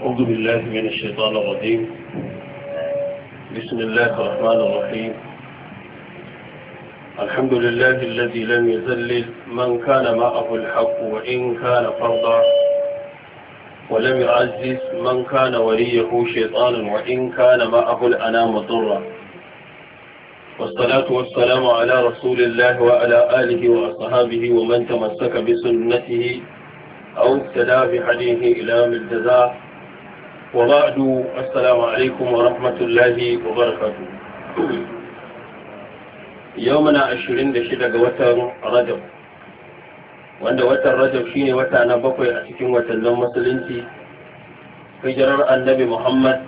أعوذ بالله من الشيطان الرجيم بسم الله الرحمن الرحيم الحمد لله الذي لم يذلل من كان معه الحق وإن كان فرضا ولم يعزز من كان وليه شيطانا وإن كان معه الأنام ضرا والصلاة والسلام على رسول الله وعلى آله وأصحابه ومن تمسك بسنته أو ابتدى بحديه إلى ملتزاه وبعد السلام عليكم ورحمة الله وبركاته يومنا عشرين دشدة وتر رجب wanda watan rajab shine wata na bakwai a cikin watannin musulunci hijirar annabi muhammad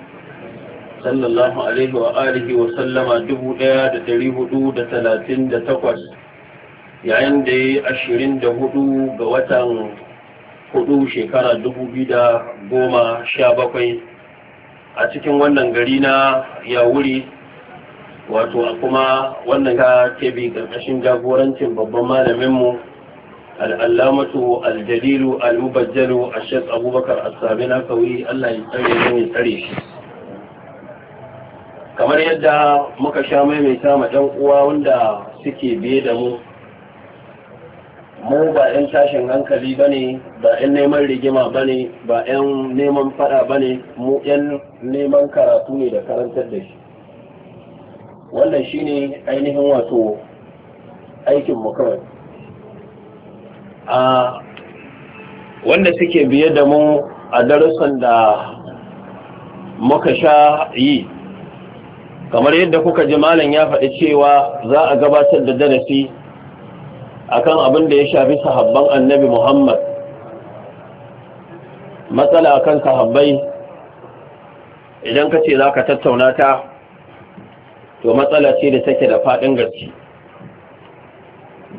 sallallahu alaihi wa alihi wa dubu ɗaya da dari hudu da talatin da takwas yayin da ya yi ashirin da hudu ga watan hudu shekara dubu biyu da goma sha bakwai a cikin wannan gari na yawuri wato a kuma wannan ka kebe ƙarƙashin jagorancin babban malaminmu al'allamatu aljalilu al'ubajjalu a shek abubakar asabi na kawai allah ya tsare ne ya tsare shi kamar yadda muka sha maimaita ma uwa wanda suke biye da mu mu ba 'yan tashin hankali ba ne ba 'yan neman rigima ba ne ba 'yan neman fada ba ne mu 'yan neman karatu ne da karantar da shi wannan shi ne ainihin wato aikinmu kawai a wanda suke biye da mu a darussan da muka sha yi kamar yadda kuka ji malam ya faɗi cewa za a gabatar da darasi akan abin da ya shafi sahabban annabi muhammad matsala akan sahabbai idan ka ce za ka tattauna ta to matsala ce da take da faɗin gaske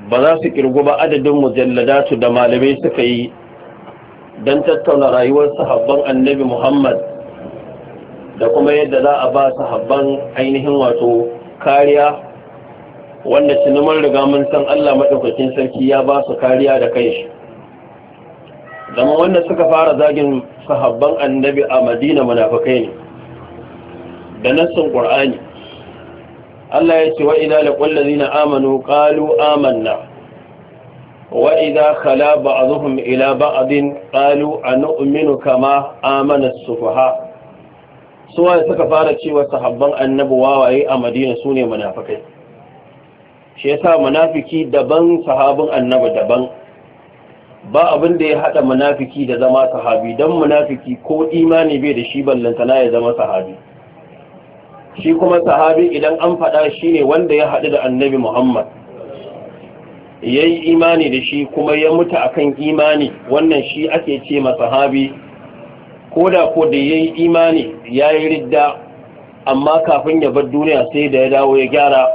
ba za su kirgu ba adadin mujalladatu da malamai suka yi don tattauna rayuwar sahabban annabi muhammad da kuma yadda za a ba sahabban ainihin wato kariya wanda sinimar riga mun san Allah maɗaukakin sarki ya ba su kariya da kai shi zama wanda suka fara zagin sahabban annabi a madina munafakai ne da nassin ƙur'ani Allah ya ce wa'ida da ƙwallazi na amanu ƙalu amanna wa'ida khala ba'azuhum ila ba'adin ƙalu a nu'minu kama amanar sufaha suwa suka fara cewa sahabban annabi wawaye a madina su ne munafakai shi sa munafiki daban sahabin annabi daban ba abin da ya haɗa munafiki da zama sahabi don munafiki ko imani bai da shi ballantana ya zama sahabi shi kuma sahabi idan an faɗa shi ne wanda ya haɗu da annabi muhammad ya yi imani da shi kuma ya mutu akan imani wannan shi ake ce ma sahabi ko da ko da ya yi imani ya yi ridda amma kafin ya bar duniya sai da ya dawo ya gyara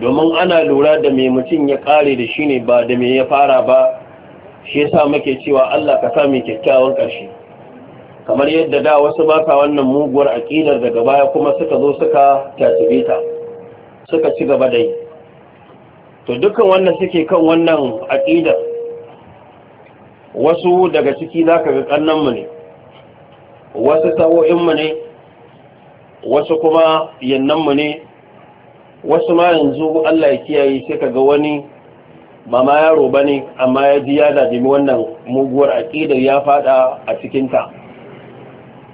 domin ana lura da mai mutum ya kare da shi ne ba da mai ya fara ba shi yasa muke cewa Allah ka sa mai kyakkyawan ƙarshe kamar yadda da wasu ba ka wannan muguwar aƙidar daga baya kuma suka zo suka tasibe ta suka ci gaba da yi to dukkan wannan suke kan wannan aƙidar wasu daga ciki za ka ga ƙannanmu ne wasu sawo'inmu ne wasu kuma yannanmu ne wasu ma yanzu Allah ya kiyaye sai kaga wani ba ma yaro bane amma ya ji ya dajimi wannan muguwar aqidar ya fada a cikin ta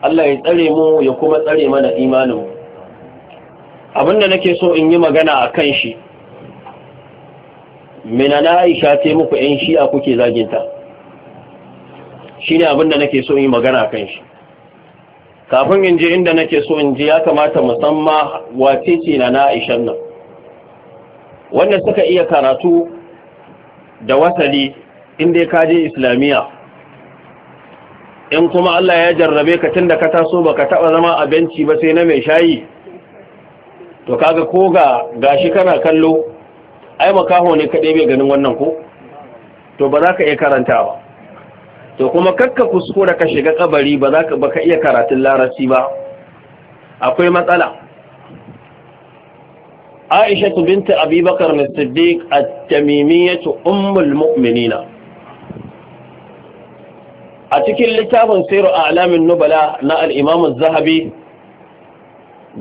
Allah ya tsare mu ya kuma tsare mana imanin abinda nake so in yi magana a shi mina aisha ce muku yan shi'a kuke zaginta shine abinda nake so in yi magana a kan shi kafin in je inda nake so in je ya kamata musamman wace ce na na'ishan nan wanda suka iya karatu da wasali inda ya kaje islamiyya in kuma Allah ya jarrabe ka tun da ka taso ba ka taɓa zama abinci ba sai na mai shayi to kaga ko ga gashi kana kallo ai makaho ne kaɗai bai ganin wannan ko to ba za ka iya karanta ba to kuma karka kuskura ka shiga kabari ba za ka iya karatun Larasi ba akwai matsala Aisha binta Abi na Siddiq a tamimiyyah ummul mu'minina a cikin littafin siru a alamin nubala na al'imamun zahabi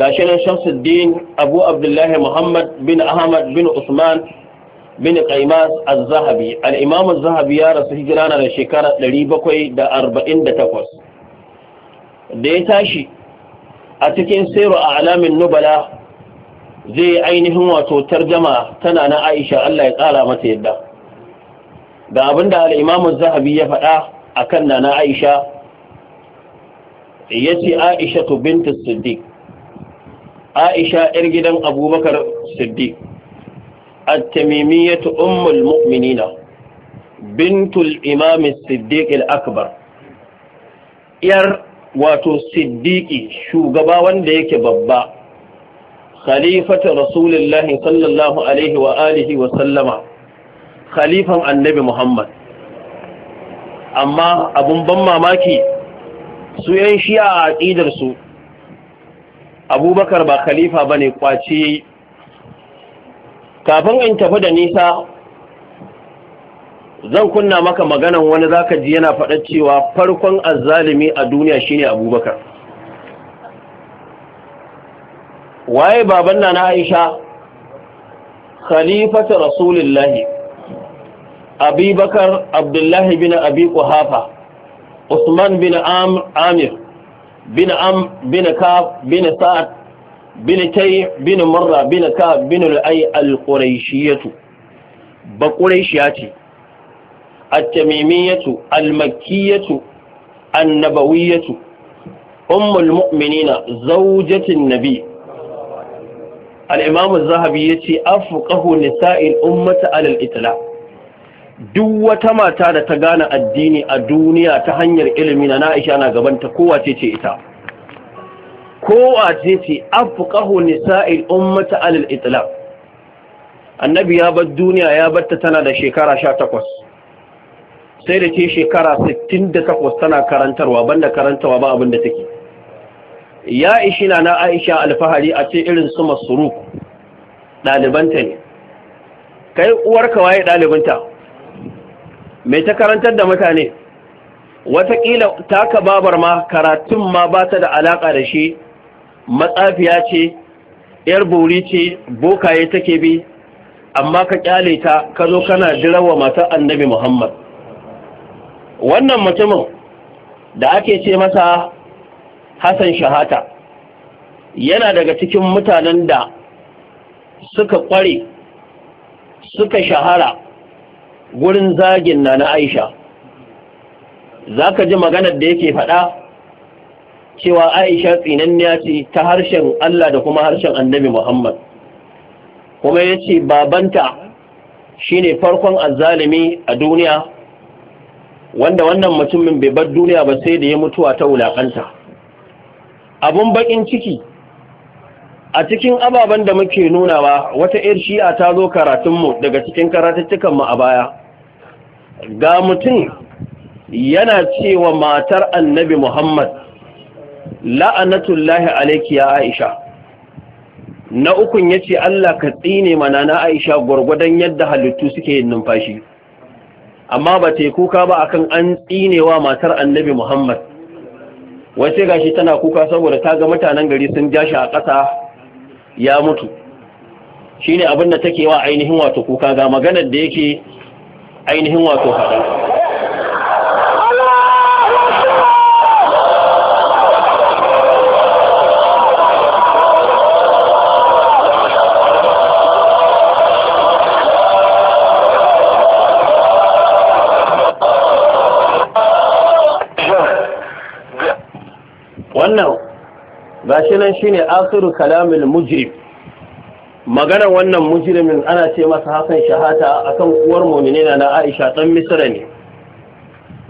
ga shirin shamsuddin abu abdullahi muhammad bin ahmad bin usman bin qaimas az-zahabi al-imam az-zahabi ya rasu hijira na da shekara 748 da ya tashi a cikin sayru a alamin nubala zai ainihin wato tarjama tana na Aisha Allah ya tsara mata yadda da abinda al-imam az-zahabi ya faɗa akan nana na Aisha yace Aisha bint as-siddiq Aisha 'yar gidan Abubakar Siddiq التميمية أم المؤمنين بنت الإمام الصديق الأكبر ير واتو صديقي شو قباوان ديك ببا خليفة رسول الله صلى الله عليه وآله وسلم خليفة النبي محمد amma abun ban mamaki su yan shi'a a aƙidarsu abubakar ba khalifa ba ne kwace kafin in tafi da nisa zan kunna maka maganan wani za ka ji yana faɗa cewa farkon azzalimi a duniya shine abubakar waye baban na aisha khalifatu rasulillahi abubakar abdullahi bin abi quhafa usman bin amir bin am bin kaf bin sa'ad bin tai bin marra bin ka bin al'ai al-quraishiyatu ba quraishiya ce at-tamimiyatu al-makkiyatu an ummul mu'minina zawjatin nabi al-imam az-zahabi yace afqahu nisa'il ummata ala duk wata mata da ta gane addini a duniya ta hanyar ilimi na Aisha na gabanta kowace ce ita kowa ce ce afqahu nisa'il ummati alal itlaq annabi ya bar duniya ya batta tana da shekara sha takwas. sai da ce shekara sittin da takwas tana karantarwa banda karantawa ba abin da take ya ishi na na Aisha alfahari a ce irin su masruk ɗalibanta ne kai uwarka waye ɗalibinta mai ta karantar da mutane watakila taka babar ma karatun ma ba ta da alaƙa da shi matsafiya ce yar buri ce bokaye take bi amma ka kyale ta ka zo kana jirawa mata annabi muhammad wannan mutumin da ake ce masa hassan shahata yana daga cikin mutanen da suka kware suka shahara gurin zagin na na aisha za ka ji maganar da yake faɗa cewa Aisha tsinanniya ce ta harshen Allah da kuma harshen Annabi Muhammad kuma ya ce babanta shi ne farkon azalimi a duniya wanda wannan mutumin bai bar duniya ba sai da ya mutuwa ta wulaƙanta. abun baƙin ciki a cikin ababen da muke nuna ba, wata yar shi'a ta zo karatunmu daga cikin karatuttukanmu a baya ga mutum yana cewa matar annabi muhammad la'anatullahi alaiki ya aisha na ukun ya ce Allah ka tsine mana na aisha gwargwadon yadda halittu suke yin numfashi amma ba ta kuka ba akan an tsinewa matar annabi Muhammad wace gashi tana kuka saboda ta ga mutanen gari sun jashi a ƙasa ya mutu shine abin da take wa ainihin wato kuka ga maganar da yake ainihin wato haɗa. gashi nan shine asiru kalamil mujrim magana wannan mujrimin ana ce masa hasan shahata akan uwar mu'minina na Aisha dan Misra ne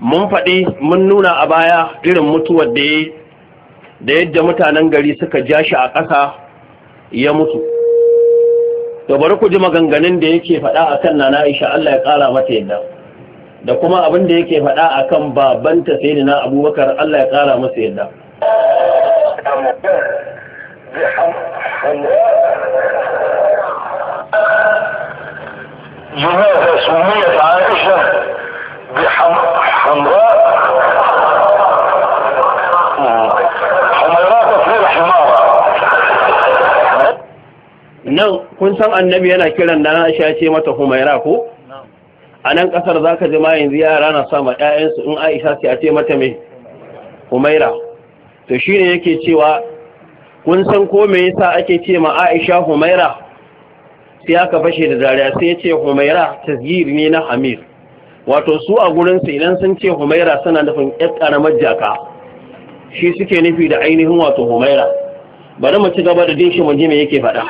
mun faɗi mun nuna a baya irin mutuwar da yi da yadda mutanen gari suka ja shi a ƙasa ya mutu to bari ku ji maganganun da yake faɗa akan nana Aisha Allah ya ƙara mata yadda da kuma abin da yake faɗa akan babanta sai na Abubakar Allah ya ƙara masa yadda kun san annabi yana kiran da Aisha ce mata Humaira ko a nan kasar zaka ji ma yanzu yara na sama ƴaƴansu in Aisha ce a ce mata me Humaira to shi ne yake cewa kun san ko me yasa ake ce ma Aisha Humaira sai aka fashe da dariya sai ya ce Humaira tasgir ne na Hamir wato su a gurin sai idan sun ce Humaira suna nufin ƴar karamar jaka shi suke nufi da ainihin wato Humaira bari mu ci gaba da dinshi mu ji me yake faɗa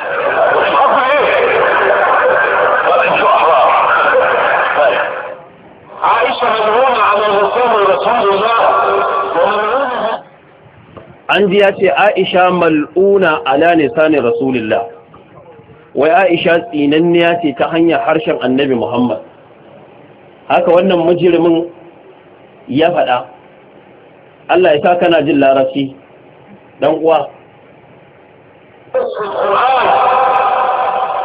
عائشة مجموعة على الإسلام رسول an ji ya ce aisha mal'una ala nisanin rasulillah wai aisha tsinanniya ce ta hanyar harshen annabi muhammad haka wannan mujirimin ya faɗa allah ya sa kana jin larasi dan uwa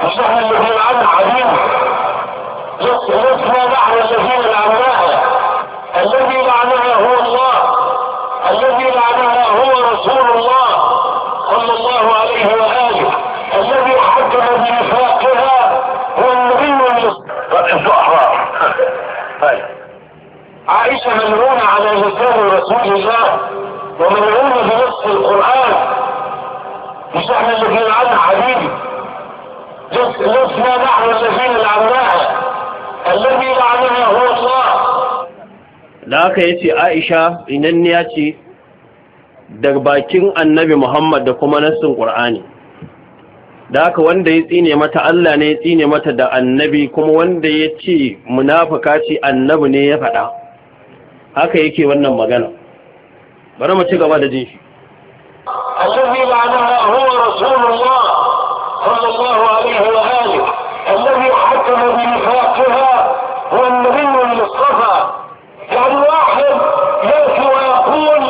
عظيم الذين الذي معناه هو الله عائشة ممنونة على لسان رسول الله وممنونة بنص القرآن مش احنا اللي بنلعنها حبيبي لسنا نحن شفين لعناها الذي لعنها هو الله da aka yace Aisha inanniya ce daga bakin Annabi Muhammad da kuma nassin Qur'ani da haka wanda ya tsine mata Allah ne ya tsine mata da annabi kuma wanda ya ce munafuka ce annabi ne ya faɗa haka yake wannan magana bari mu ci gaba da jin shi الذي معناها هو رسول الله صلى الله عليه واله الذي حكم بنفاقها هو النبي المصطفى يعني واحد ياتي ويقول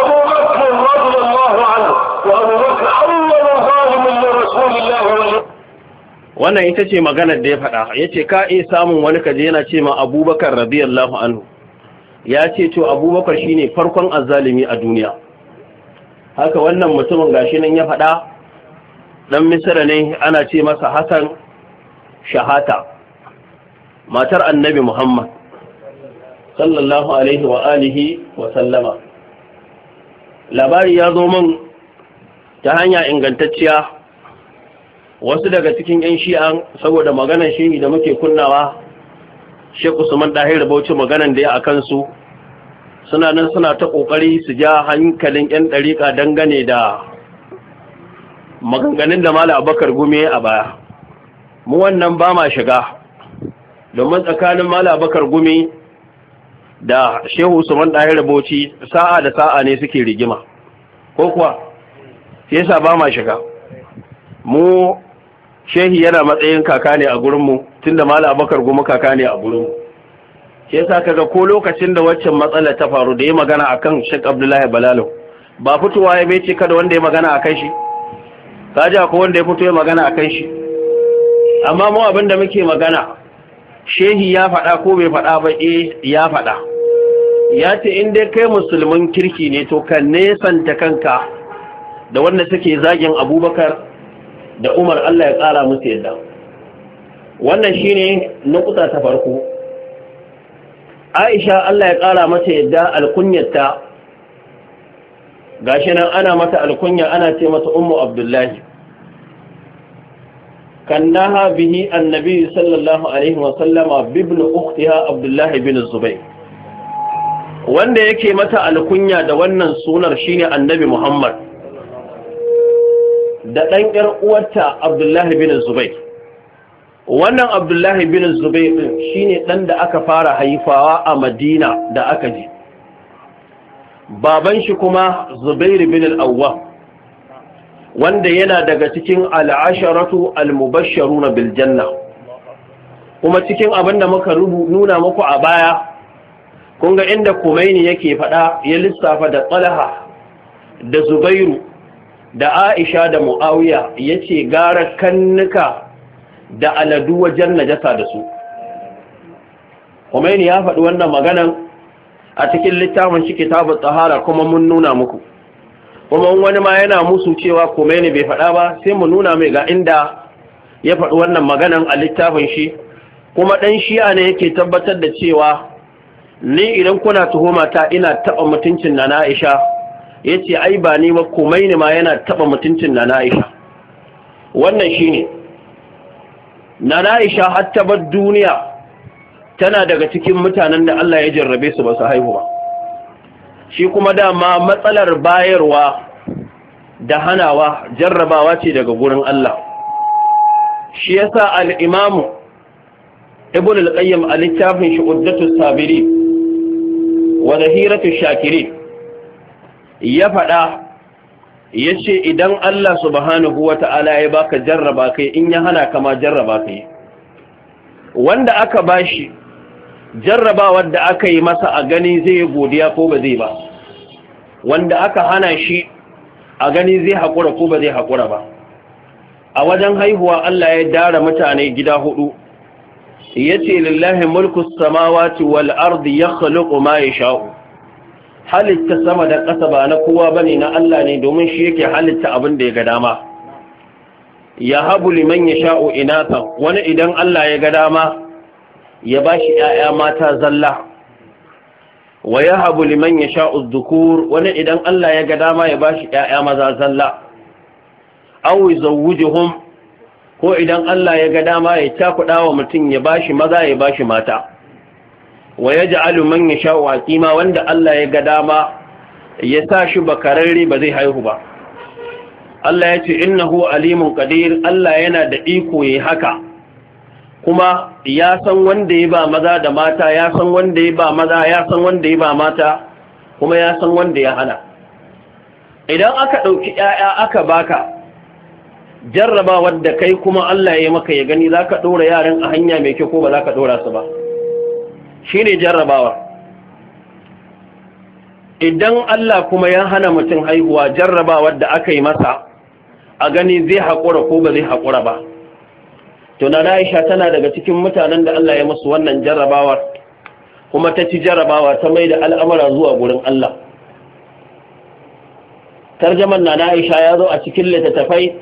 ابو بكر رضي الله عنه وابو بكر اول ظالم لرسول الله wannan ita ce maganar da ya faɗa ya ce ka iya samun wani kaje yana ce ma abubakar radiyallahu anhu ya ce to abubakar shine farkon azzalimi a duniya haka wannan mutumin gashi nan ya faɗa ɗan misira ne ana ce masa hassan shahata matar annabi muhammad sallallahu alaihi wa alihi wa sallama labari ya zo min ta hanya ingantacciya wasu daga cikin 'yan shi'an saboda maganar shiri da muke kunnawa Sheikh Usman Dahir Bauchi maganan da ya a kansu suna nan suna ta kokari su ja hankalin yan dariƙa dangane da maganganun da Malam Abubakar Gumi a baya mu wannan ba ma shiga domin tsakanin Malam Abubakar Gumi da Shehu Usman Dahir Bauchi sa'a da sa'a ne suke rigima ko kuwa yasa ba ma shiga mu shehi yana matsayin kaka ne a gurinmu tunda mala abakar goma kaka ne a gurinmu shi yasa kaga ko lokacin da waccan matsala ta faru da ya magana akan shek Abdullahi Balalo ba fitowa ya bai kada wanda ya magana akan shi kaji ko wanda ya fito ya magana akan shi amma mu abin da muke magana shehi ya faɗa ko bai faɗa ba eh ya faɗa ya ce in dai kai musulmin kirki ne to ka nesanta kanka da wanda suke zagin abubakar da umar allah ya ƙara musu yadda wannan shi ne nukuta ta farko aisha allah ya ƙara mata yadda alkunyarta gashi nan ana mata alkunya ana ce mata ummu abdullahi كناها به النبي صلى الله عليه وسلم بابن أختها عبد الله بن الزبير wanda yake mata alkunya da wannan sunar shine annabi Muhammad da ɗan ƴar uwarta Abdullahi bin zubai wannan Abdullahi bin Zubair shi ne ɗan da aka fara haifawa a Madina da aka ji baban shi kuma Zubair bin al'awwa wanda yana daga cikin alasharatu asharatu al biljanna kuma cikin abin da muka nuna muku a baya kunga inda Kumaini yake faɗa ya lissafa da tsalaha da Zubairu da aisha da mu'awiya ya ce gara kannuka da aladu wajen najasa da su Khomeini ya faɗi wannan maganan a cikin littafin shi kitabun tsahara kuma mun nuna muku kuma wani ma yana musu cewa ni bai faɗa ba sai mu nuna mai ga inda ya faɗi wannan maganan a littafin shi kuma ɗan shi'a ne yake tabbatar da cewa ni idan kuna tuhuma ta ina taɓa mutuncin na Aisha. ya ce ai ba ni ba komai ne ma yana taɓa mutuncin na na'isha wannan shi ne na na'isha har duniya tana daga cikin mutanen da Allah ya jarrabe su ba su haihu ba shi kuma dama matsalar bayarwa da hanawa jarrabawa ce daga gurin Allah shi ya sa al'imamu ibn al’ayyam alittafin a littafin shi sabiri wa zahiratu shakirin ya faɗa ya ce idan Allah subhanahu wa ta'ala ya baka jarraba kai in ya hana kama jarraba kai wanda aka ba shi jarraba da aka yi masa a gani zai yi godiya ko ba zai ba wanda aka hana shi a gani zai haƙura ko ba zai haƙura ba a wajen haihuwa Allah ya dara mutane gida hudu ya ce lillahi mulkus samawati ci ardi ya khaliqu ma sha'u. halitta sama da ƙasa ba na kowa ba ne na Allah ne domin shi yake halitta abin da ya ga dama ya habu liman ya ina kan, wani idan Allah ya ga dama ya ba shi ‘ya'ya mata zalla wa ya habu liman ya sha’o dukur wani idan Allah ya ga dama ya ba shi ‘ya'ya maza zalla wuji zawujuhum ko idan Allah ya ga dama ya cakuɗa wa mutum ya ba shi maza ya ba shi mata aluman ya sha waƙi ma wanda Allah ya ga dama ya sa shi bakararre ba zai haihu ba Allah ya ce innahu alimun qadir Allah yana da iko yi haka kuma ya san wanda ya ba maza da mata ya san wanda ya ba maza ya san wanda ya ba mata kuma ya san wanda ya hana idan aka ɗauki ‘ya'ya aka baka jarraba wadda kai kuma Allah ya maka ya gani za ka ɗora yaran a hanya mai kyau ko ba za ka ɗora su ba shine jarrabawa idan Allah kuma ya hana mutum haihuwa jarrabawa da aka yi masa a gani zai haƙura ko ba zai haƙura ba tuna Aisha tana daga cikin mutanen da Allah ya musu wannan jarrabawar kuma ta ci jarrabawa ta mai da al'amura zuwa gurin Allah tarjaman na Aisha ya zo a cikin littattafai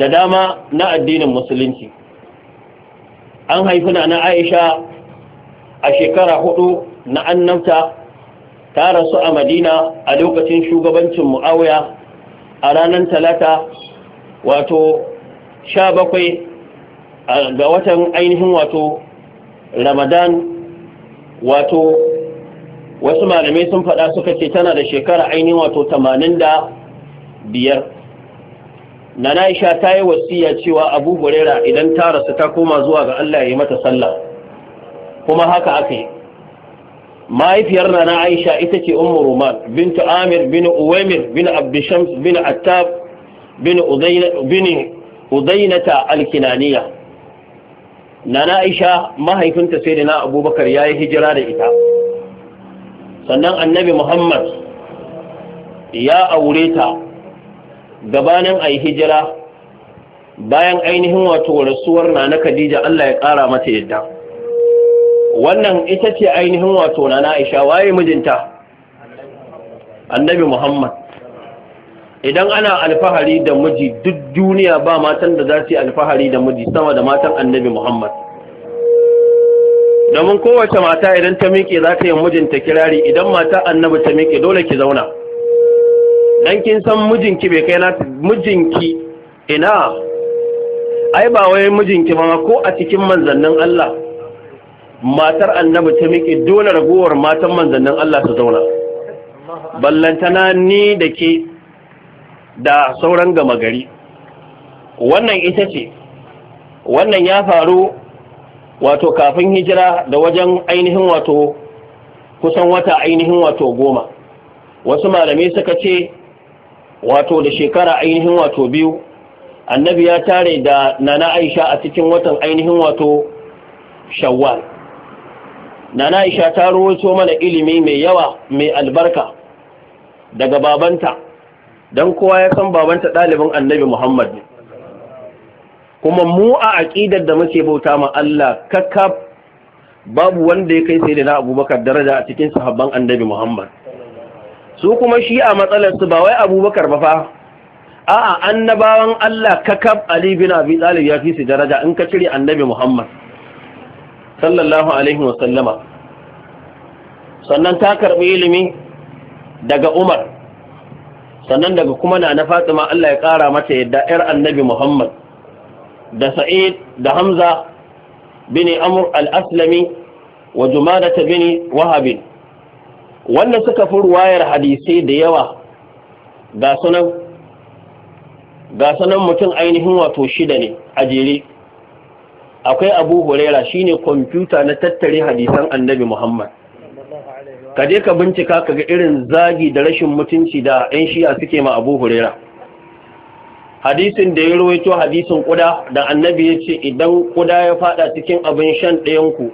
da dama na addinin musulunci an haifuna na Aisha a shekara hudu na annabta ta rasu a madina a lokacin shugabancin mu'awiya a ranar talata wato sha bakwai ga watan ainihin wato ramadan wato wasu malamai sun faɗa suka ce tana da shekara ainihin wato tamanin da biyar na na'isha ta yi wasiya cewa abu hurera idan ta rasu ta koma zuwa ga allah ya yi mata sallah kuma haka aka yi mahaifiyar na aisha ita ce Umar ruman bintu amir bin uwaimir bin abdishams bin attab bin udainata alkinaniya nana aisha mahaifinta sai da na abubakar ya yi hijira da ita sannan annabi muhammad ya aure ta gabanin a yi hijira bayan ainihin wato rasuwar na na khadija allah ya ƙara mata yadda wannan ita ce ainihin wato na Aisha waye mijinta annabi Muhammad idan ana alfahari da miji duk duniya ba matan da za su alfahari da miji sama da matan annabi Muhammad domin kowace mata idan ta miƙe za ta yi mijinta kirari idan mata annabi ta miƙe dole ki zauna dan kin san mijinki bai kai na mijinki ina ai ba wai mijinki ba ko a cikin manzannin Allah matar annabi ta miƙe dole ragowar matan manzannin Allah ta zauna ballantana ni da ke da sauran gama gari wannan ita ce wannan ya faru wato kafin hijira da wajen ainihin wato kusan wata ainihin wato goma wasu malamai suka ce wato da shekara ainihin wato biyu annabi ya tare da nana aisha a cikin watan ainihin wato shawwal na isha ta rawaito mana ilimi mai yawa mai albarka daga babanta don kowa ya san babanta ɗalibin annabi muhammad ne kuma mu a aƙidar da muke bauta ma Allah kakka babu wanda ya kai sai da na abubakar daraja a cikin sahabban annabi muhammad su kuma shi a matsalarsu ba wai abubakar ba fa a'a annabawan Allah kakab Ali bin Abi Talib ya fi su daraja in ka cire annabi Muhammad sallallahu alaihi wasallama sannan ta karɓi ilimi daga umar sannan daga kuma na na fatima allah ya ƙara mata yadda 'yar annabi muhammad da sa'id da hamza bini amur aslami wa jumadata bini wahabin wanda suka fi ruwayar hadisai da yawa ga sunan mutum ainihin wato shida ne a jere akwai abu huraira ne kwamfuta na tattare hadisan annabi muhammad ka je ka bincika ka ga irin zagi da rashin mutunci da 'yan shi'a suke ma abu huraira hadisin da ya rawaito hadisin kuda da annabi ya ce idan kuda ya fada cikin abin shan ɗayanku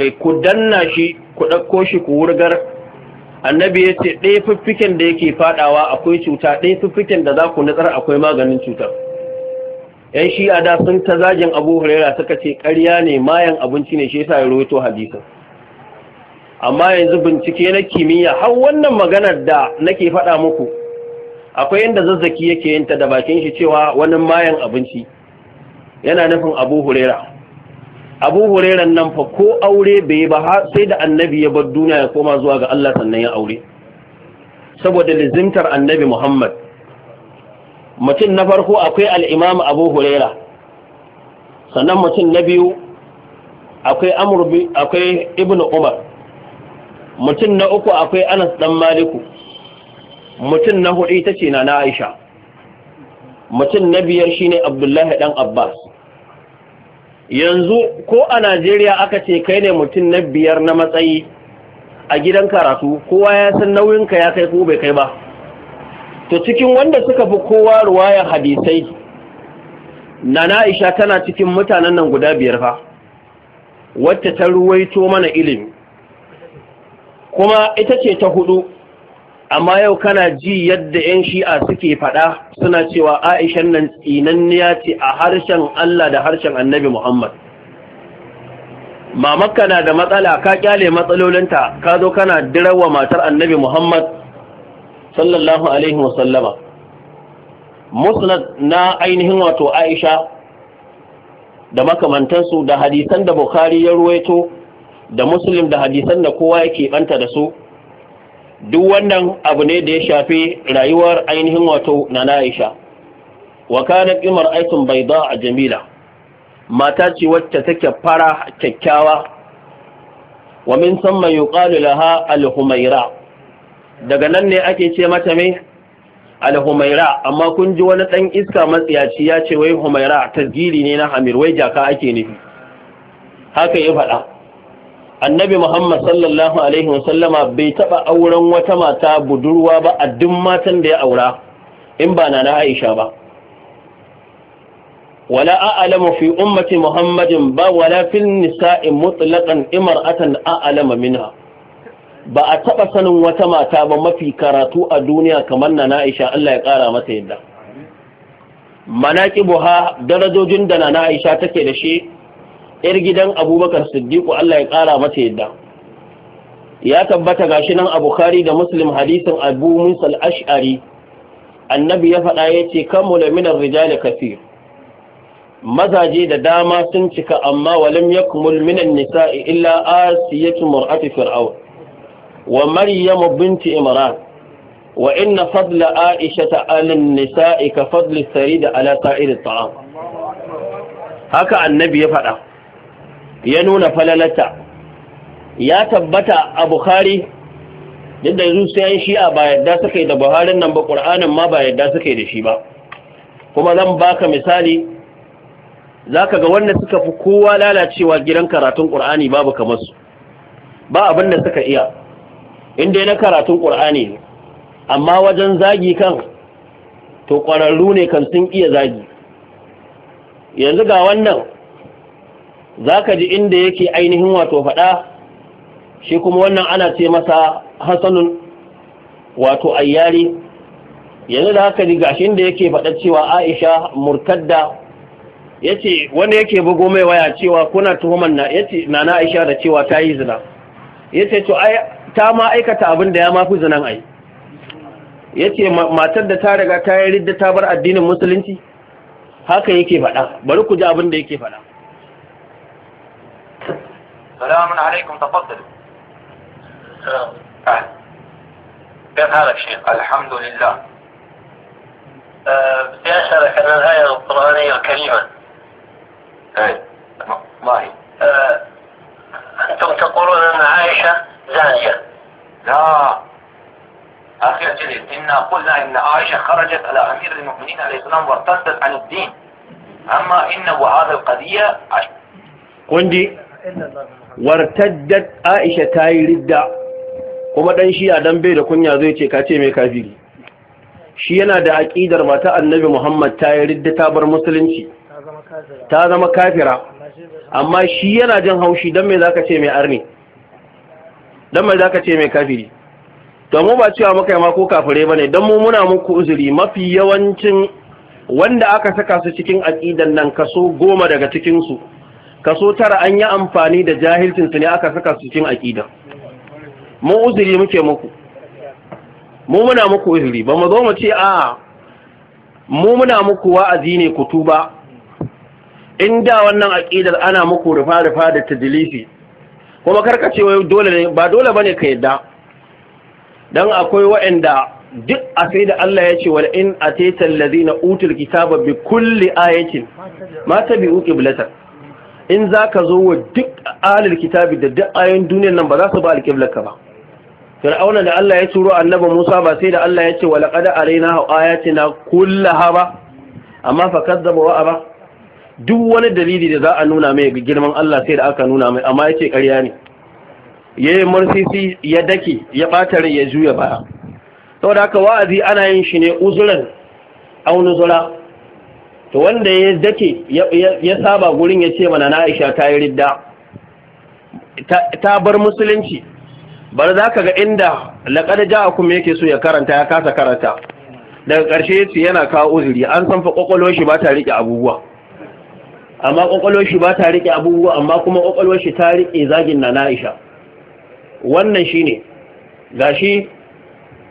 eh, ku danna shi ku ɗauko shi ku wurgar annabi ya ce ɗaya fiffiken da yake fadawa akwai cuta ɗaya fiffiken da za ku nutsar akwai maganin cutar yan shi'a da sun ta zagin abu huraira suka ce ƙarya ne mayan abinci ne shi sa ya roto hadisin amma yanzu bincike na kimiyya har wannan maganar da nake faɗa muku akwai yadda zazzaki yake yin ta da bakin shi cewa wani mayan abinci yana nufin abu huraira abu hurairan nan fa ko aure bai ba sai da annabi ya bar duniya ya koma zuwa ga Allah sannan ya aure saboda lizimtar annabi Muhammad mutum na farko akwai al'imam abu huraira sannan mutum na biyu akwai amurbi akwai ibn umar mutum na uku akwai anas dan maliku mutum na hudu ita ce na aisha mutum na biyar shine abdullahi dan abbas yanzu ko a najeriya aka ce kai ne mutum na biyar na matsayi a gidan karatu kowa ya san nauyinka ya kai ko bai kai ba to cikin wanda suka fi kowa ruwayar hadisai na na'isha tana cikin mutanen nan guda biyar fa wacce ta ruwaito mana ilimi kuma ita ce ta hudu amma yau kana ji yadda 'yan shi'a suke faɗa suna cewa aishan nan tsinanniya ce a harshen Allah da harshen annabi Muhammad mamakka na da matsala ka kyale matsalolinta ka zo kana dirawa matar annabi Muhammad sallallahu alaihi wa sallama musnad na ainihin wato Aisha da makamantansu da hadisan da Bukhari ya ruwaito da Muslim da hadisan da kowa yake banta da su duk wannan abu ne da ya shafi rayuwar ainihin wato na Aisha wa kana imar aitun baida a jamila mata ce wacce take fara kyakkyawa wa min samma yuqalu laha al daga nan ne ake ce mata mai Alhumaira, amma kun ji wani ɗan iska matsiyaci ya ce wai humaira tasgiri ne na hamir wai jaka ake nufi haka ya faɗa annabi muhammad sallallahu alaihi wasallama bai taɓa auren wata mata budurwa ba a duk matan da ya aura in ba na na aisha ba wala a'lamu fi ummati muhammadin ba wala fil nisa'i mutlaqan imra'atan a'lama minha ba a taɓa sanin wata mata ba mafi karatu a duniya kamar na Aisha Allah ya ƙara mata yadda manaki buha darajojin da na Aisha take da shi yar gidan abubakar siddiqu Allah ya ƙara mata yadda ya tabbata gashi nan a da muslim hadisin abu musa al-ash'ari annabi ya faɗa ya ce kammula minar rijali kafir mazaje da dama sun cika amma walam yakmul minan nisa'i illa asiyatu mar'ati fir'aun wa Maryamu binti imran wa inna fadla aisha ta alin nisa'i ka fadli sarida ala sa'ir ta'am haka annabi ya faɗa ya nuna falalata ya tabbata a Buhari, duk da yanzu sai shi'a ba yadda suka yi da buharin nan ba ƙur'anin ma ba yadda suka yi da shi ba kuma zan baka misali zaka ga wanda suka fi kowa lalacewa gidan karatun ƙur'ani babu kamar su ba abin da suka iya In dai na karatun ƙur'ani amma wajen zagi kan to ƙwararru ne kan sun iya zagi yanzu ga wannan za ka ji inda yake ainihin wato faɗa shi kuma wannan ana ce masa hasanun wato ayyari yanzu da haka ji gashin inda yake faɗa cewa aisha murtadda ya ce wani yake bugo mai waya cewa kuna tuhumar na na na aisha da cewa ta yi zina ya ce to ta ma aikata abin da ya mafi zanen ai ya ce matar da ta riga ta yi ridda ta bar addinin musulunci haka yake faɗa bari ku ji abin da yake faɗa salamun alaikum tafaddal كيف حالك harashi. alhamdulillah eh, ya shara kanar hayar الايه kariman الكريمه. Eh. Eh, أنتم تقولون أن عائشة زانية لا أخي جليل إنا قلنا إن عائشة خرجت على أمير المؤمنين عليه السلام وارتدت عن الدين أما إن وهذا القضية قندي وارتدت عائشة تاي ردة kuma dan shi dan bai da kunya zai ce ka ce mai kafiri shi yana da aqidar mata annabi Muhammad ta yi ridda ta bar musulunci ta zama kafira amma shi yana jin haushi don me zaka ce mai arni don me zaka ce mai kafiri to mu ba cewa muka yi ma ko kafire bane don mu muna muku uzuri mafi yawancin wanda aka saka su cikin aqidan nan kaso goma daga cikin su kaso tara an yi amfani da jahilcin su ne aka saka su cikin aqida mu uzuri muke muku mu muna muku uzuri ba mu zo mu ce a mu muna muku wa'azi ne ku tuba in da wannan aƙidar ana muku rufa rufa da tadlisi kuma karka ce dole ne ba dole bane ka yadda dan akwai waɗanda duk a sai da Allah ya ce wal in atayta allazina utul kitaba bi kulli ayatin ma tabi'u qiblatan in zaka zo wa duk alil kitabi da duk ayoyin duniyar nan ba za su ba alqiblaka ba fir'auna da Allah ya turo annabi Musa ba sai da Allah ya ce wa laqad arayna ayatina kullaha ba amma fa kazzaba wa aba duk wani dalili da za a nuna mai girman Allah sai da aka nuna mai amma yake karya ne ya yi marsisi ya dake ya ɓata rai ya juya baya saboda haka wa'azi ana yin shi ne uzuran aunu zura to wanda ya dake ya saba gurin ya ce mana na Aisha ta yi ridda ta bar musulunci bar za ka ga inda laƙar ja kuma yake so ya karanta ya kasa karanta daga ƙarshe yana kawo uzuri an san fa ƙwaƙwalwa shi ba ta riƙe abubuwa amma kwakwalwar shi ba ta rike abubuwa amma kuma kwakwalwar shi ta rike zagin na na'isha wannan shine gashi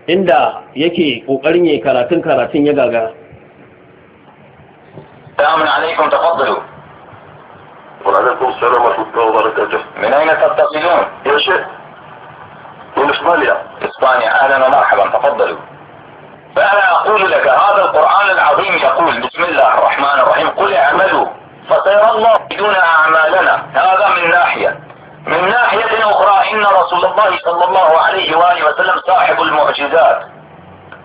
inda yake kokarin yayi karatun karatun ya gagara السلام عليكم تفضلوا وعليكم السلام ورحمة الله وبركاته من أين تتصلون؟ يا شيخ من إسبانيا إسبانيا أهلا ومرحبا تفضلوا فأنا أقول لك هذا القرآن العظيم يقول بسم الله الرحمن الرحيم قل اعملوا فسيرى الله دون أعمالنا هذا من ناحية من ناحية أخرى إن رسول الله صلى الله عليه وآله وسلم صاحب المعجزات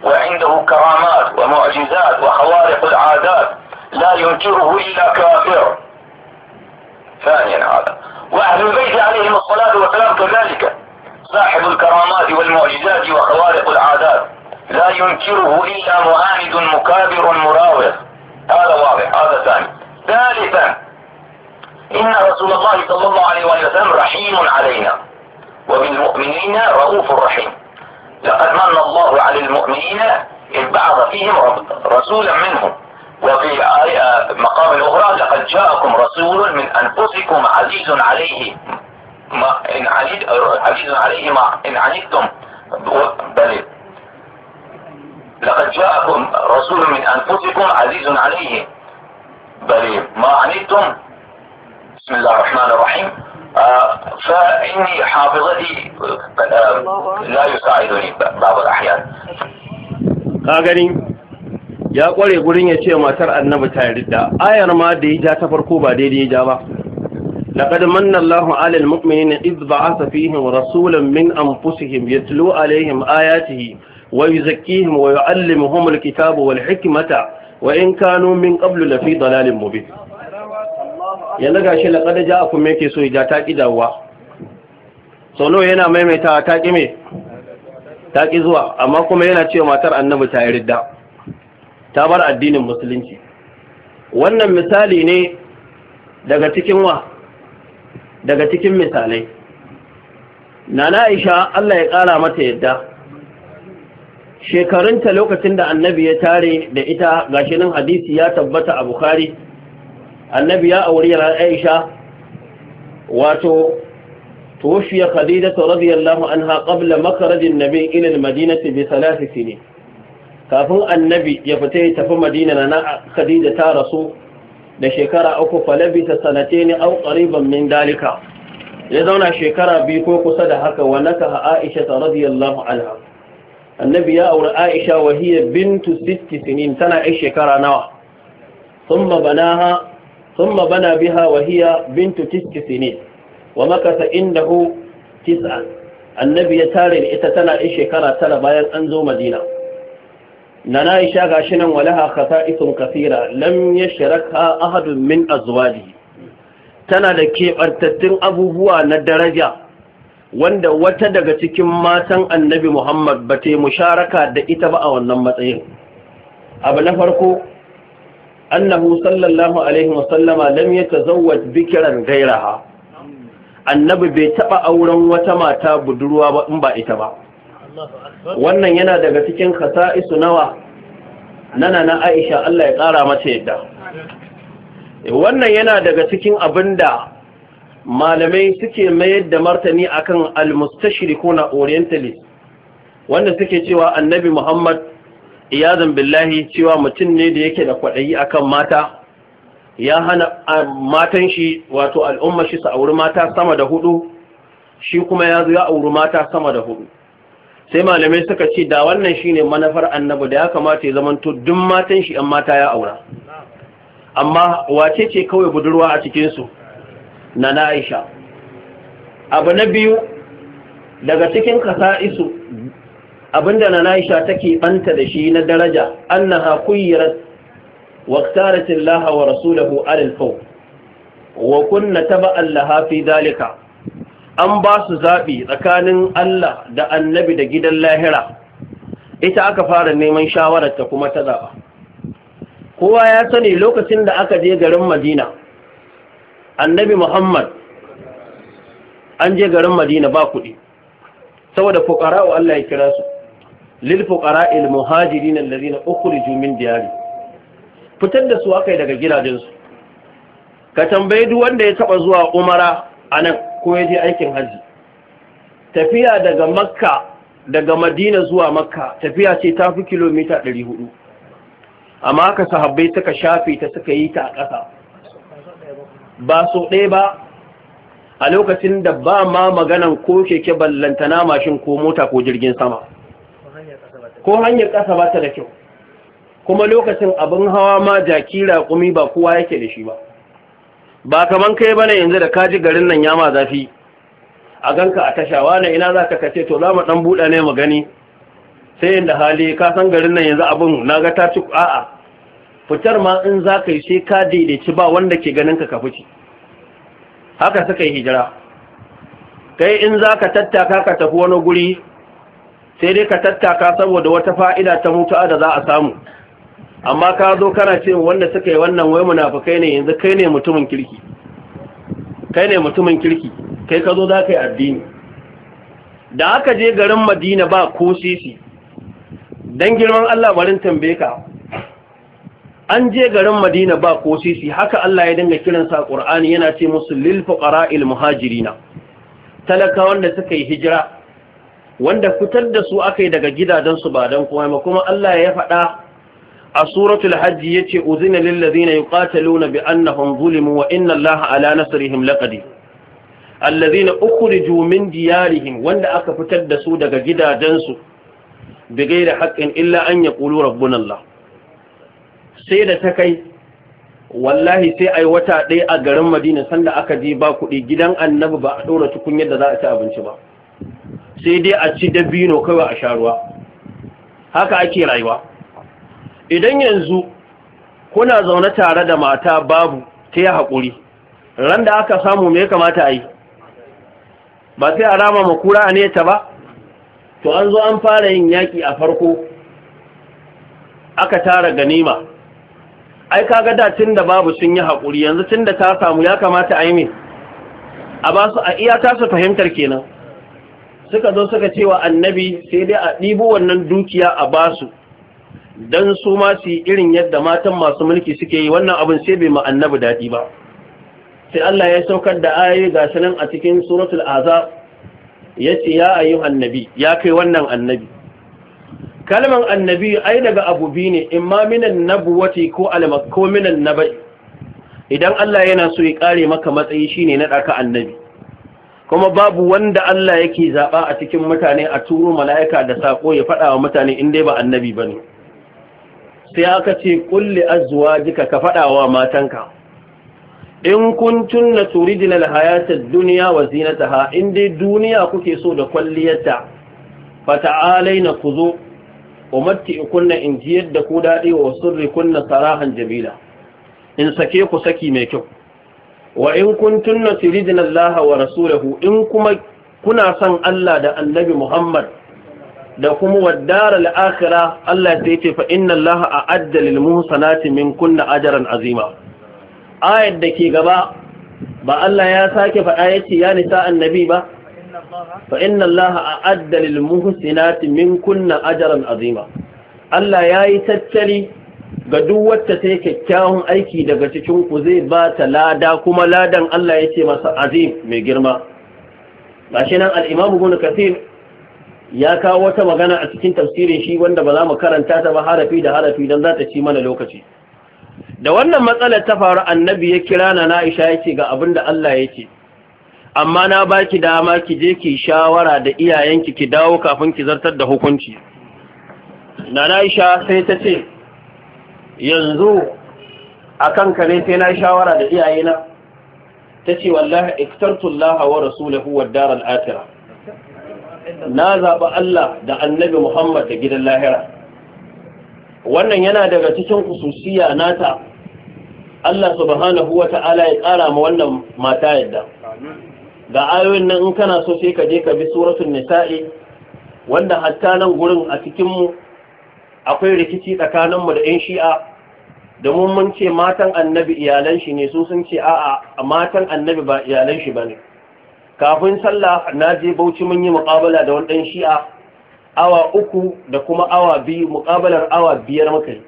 وعنده كرامات ومعجزات وخوارق العادات لا ينكره إلا كافر ثانيا هذا وأهل البيت عليهم الصلاة والسلام كذلك صاحب الكرامات والمعجزات وخوارق العادات لا ينكره إلا معاند مكابر مراوغ هذا واضح هذا ثاني ثالثا إن رسول الله صلى الله عليه وسلم رحيم علينا وبالمؤمنين رؤوف رحيم لقد من الله على المؤمنين إذ بعث فيهم رسولا منهم وفي آية- مقام أخرى لقد جاءكم رسول من أنفسكم عزيز عليه ما إن عزيز, عزيز عليه ما إن عنيتم بل لقد جاءكم رسول من أنفسكم عزيز عليه بلي ما عنيتم بسم الله الرحمن الرحيم آه، فإني حافظتي آه، لا يساعدني بعض الأحيان أغني ya kware gurin ya ce matar annabi ta yarda ayar ma da ya ja ta farko ba daidai ya ja ba لقد من الله على المؤمنين إذ بعث فيهم رسولا من أنفسهم يتلو عليهم آياته ويزكيهم ويعلمهم الكتاب والحكمة wa in kanu min qablu la fi dalalin mubin yanzu gashi laqad ja'akum kuma yake so ya ta kidawa solo yana maimaita ta ki ta zuwa amma kuma yana cewa matar annabi ta yarda ta bar addinin musulunci wannan misali ne daga cikin wa daga cikin misalai nana Aisha Allah ya ƙara mata yadda shekarunta lokacin da annabi ya tare da ita gashinin hadisi ya tabbata a bukari annabi ya auri yana aisha wato tushiya khadija ta radiyallahu an ha ƙabla makarajin nabi ila madinati bi salasi ne. kafin annabi ya fita ya tafi madina na khadija ta rasu da shekara uku falabi ta sanate au ƙariban min dalika ya zauna shekara biyu ko kusa da haka wa naka ha aisha ta radiyallahu an annabi ya aure aisha wa hiya bintu sitti sinin tana ai shekara nawa thumma banaha thumma bana biha wa hiya bintu tiski sinin wa makasa indahu tis'a annabi ya tare da ita tana ai shekara tara bayan an zo madina nana aisha gashi nan walaha khasa'ithun kathira lam yashraka ahadun min azwaji tana da keɓantattun abubuwa na daraja wanda wata daga cikin matan annabi Muhammad ba ta yi musharaka da ita ba a wannan matsayin. Abu na farko, annahu sallallahu Alaihi wasallama lam ya zauwa bikiran gairaha, annabi bai taɓa auren wata mata budurwa ba in ba ita ba. Wannan yana daga cikin kasa isu nawa, nana na Aisha Allah ya ƙara mata yadda. Wannan yana daga cikin abin da malamai suke mayar da martani akan na orientalist wanda suke cewa annabi muhammad iyazan billahi cewa mutum ne da yake da kwaɗayi akan mata ya hana matan shi wato al'umma shi su auri mata sama da hudu shi kuma ya zo ya auri mata sama da hudu sai malamai suka ce da wannan shine manafar annabi da ya kamata ya zamanto duk matan shi 'yan mata ya aura amma wace ce kawai budurwa a cikinsu na na'isha abu na biyu daga cikin kasa'isu abinda na na'isha take banta da shi na daraja annaha kuyyirat واختارت الله ورسوله Wa wa kunna تبعا Allah hafi zalika. an ba su zaɓi tsakanin Allah da annabi da gidan lahira ita aka fara neman shawararta kuma ta zaɓa kowa ya sani lokacin da aka je garin madina annabi muhammad an je garin madina ba kuɗi saboda fukara wa Allah ya kira su lil fuqara al muhajirin alladhina ukhriju min diyari fitar da su akai daga gidajensu ka tambayi duk wanda ya taba zuwa umara anan ko ya je aikin haji tafiya daga makka daga madina zuwa makka tafiya ce ta fi kilomita 400 amma haka sahabbai suka shafe ta suka yi ta a ƙasa ba so ɗaya ba a lokacin da ba ma maganan ko keke ballantana mashin ko mota ko jirgin sama ko hanyar ƙasa ba ta da kyau kuma lokacin abin hawa ma jaki raƙumi ba kowa yake da shi ba ba kaman kai bane yanzu da kaji garin nan yama zafi a ganka a tashawa na ina za ka kace to za mu ɗan buɗa ne mu gani sai inda hali ka san garin nan yanzu abin na ga ta ci a'a fitar ma in za ka yi sai ka daidaici ba wanda ke ganin ka ka fice haka suka yi hijira kai in za ka tattaka ka tafi wani guri sai dai ka tattaka saboda wata fa'ida ta mutuwa da za a samu amma ka zo kana ce wanda suka yi wannan wai munafukai ne yanzu kai ne mutumin kirki kai ne mutumin kirki kai ka zo za ka yi addini da aka je garin madina ba ko sisi don girman allah barin tambaye ka an je garin madina ba ko sisi haka Allah ya dinga kiransa a ƙur'ani yana ce musu lil fuqara'il muhajirina talakawan da suka yi hijira wanda fitar da su aka yi daga gidajensu ba dan kuma kuma Allah ya faɗa a suratul hajji yace uzina lil ladina yuqataluna bi annahum zulimu wa inna Allaha ala nasrihim laqadir alladhina ukhriju min diyarihim wanda aka fitar da su daga gidajensu bi ghairi haqqin illa an yaqulu rabbuna Allah sai da ta kai wallahi sai ai wata ɗaya a garin madina sanda aka je ba kuɗi gidan annabi ba a ɗora tukun yadda za a ci abinci ba sai dai a ci dabino kawai a sha ruwa haka ake rayuwa idan yanzu kuna zaune tare da mata babu ta yi haƙuri ran da aka samu me kamata a yi ba sai a rama makura a neta ba to an zo an fara yin yaƙi a farko aka tara ganima ai kaga da tun da babu sun yi haƙuri yanzu tun da ta samu ya kamata a yi mai a ba su a iya su fahimtar kenan suka zo suka ce wa annabi sai dai a ɗibo wannan dukiya a ba su don su ma su yi irin yadda matan masu mulki suke yi wannan abin sai bai ma annabi daɗi ba sai Allah ya saukar da ayoyi ga a cikin suratul azab ya ce ya ayyuhan nabi ya kai wannan annabi kalman annabi ai daga abu biyu ne imma minan nabuwati ko almak ko minan nabai idan Allah yana so ya kare maka matsayi shine na daka annabi kuma babu wanda Allah yake zaba a cikin mutane a turo mala'ika da sako ya faɗawa wa mutane in dai ba annabi bane sai aka ce kulli azwajika ka faɗawa wa matanka in kuntunna turidina alhayata ad-dunya wa zinataha in dai duniya kuke so da kwalliyarta fata'alaina kuzo umatti kunna in ji ku daɗi wa sirri kunna sarahan Jamila. in sake ku saki mai kyau wa in kuntunna turidina Allah wa rasulahu in kuma kuna son Allah da annabi Muhammad da kuma waddara la'akira Allah sai ce fa inna Laha a addalil muhsanati min kunna ajaran azima ayat da ke gaba ba Allah ya sake faɗa yace ya nisa annabi ba fa inna allaha a'adda lil muhsinati kunna ajran azima Allah yi tattali ga duk wacce ta yi kyakkyawan aiki daga cikin ku zai ba ta lada kuma ladan Allah ya ce masa azim mai girma gashi nan al-Imam Ibn ya kawo wata magana a cikin tafsirin shi wanda ba za mu karanta ta ba harafi da harafi dan za ta ci mana lokaci da wannan matsalar ta faru annabi ya kira na Aisha ya ce ga abin da Allah ya ce amma na baki dama ki je ki shawara da iyayenki ki dawo kafin ki zartar da hukunci na Aisha sai ta ce yanzu akan ka ne sai na shawara da iyayena ta ce wallahi iktartu Allah wa rasulahu wa al na zaɓi Allah da annabi Muhammad da gidan lahira wannan yana daga cikin kususiya nata Allah subhanahu wa ta'ala ya ƙara ma wannan mata yadda ga ayoyin nan in kana so sai ka je ka bi suratul nisa'i wanda hatta nan gurin a cikin mu akwai rikici tsakanin mu da yan shi'a da mun mun ce matan annabi iyalan shi ne su sun ce a'a matan annabi ba iyalan shi bane kafin sallah na je bauchi mun yi muqabala da wani dan shi'a awa uku da kuma awa biyu muqabalar awa biyar muka yi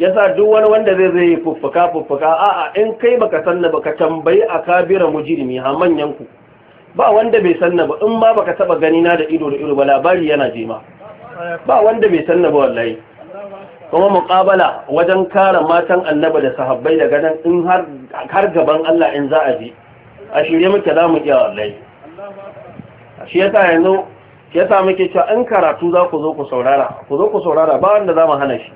yasa duk wani wanda zai zai fuffuka fuffuka a'a in kai baka sanna ba ka tambayi a kabira mujirimi ha manyan ku ba wanda bai sanna ba in ba baka taba gani na da ido da ido ba labari yana je ma ba wanda bai sanna ba wallahi kuma muqabala wajen kare matan annaba da sahabbai daga nan in har har gaban Allah in za a je a shirye muke za mu iya wallahi shi yasa yanzu yasa muke cewa in karatu za ku zo ku saurara ku zo ku saurara ba wanda za mu hana shi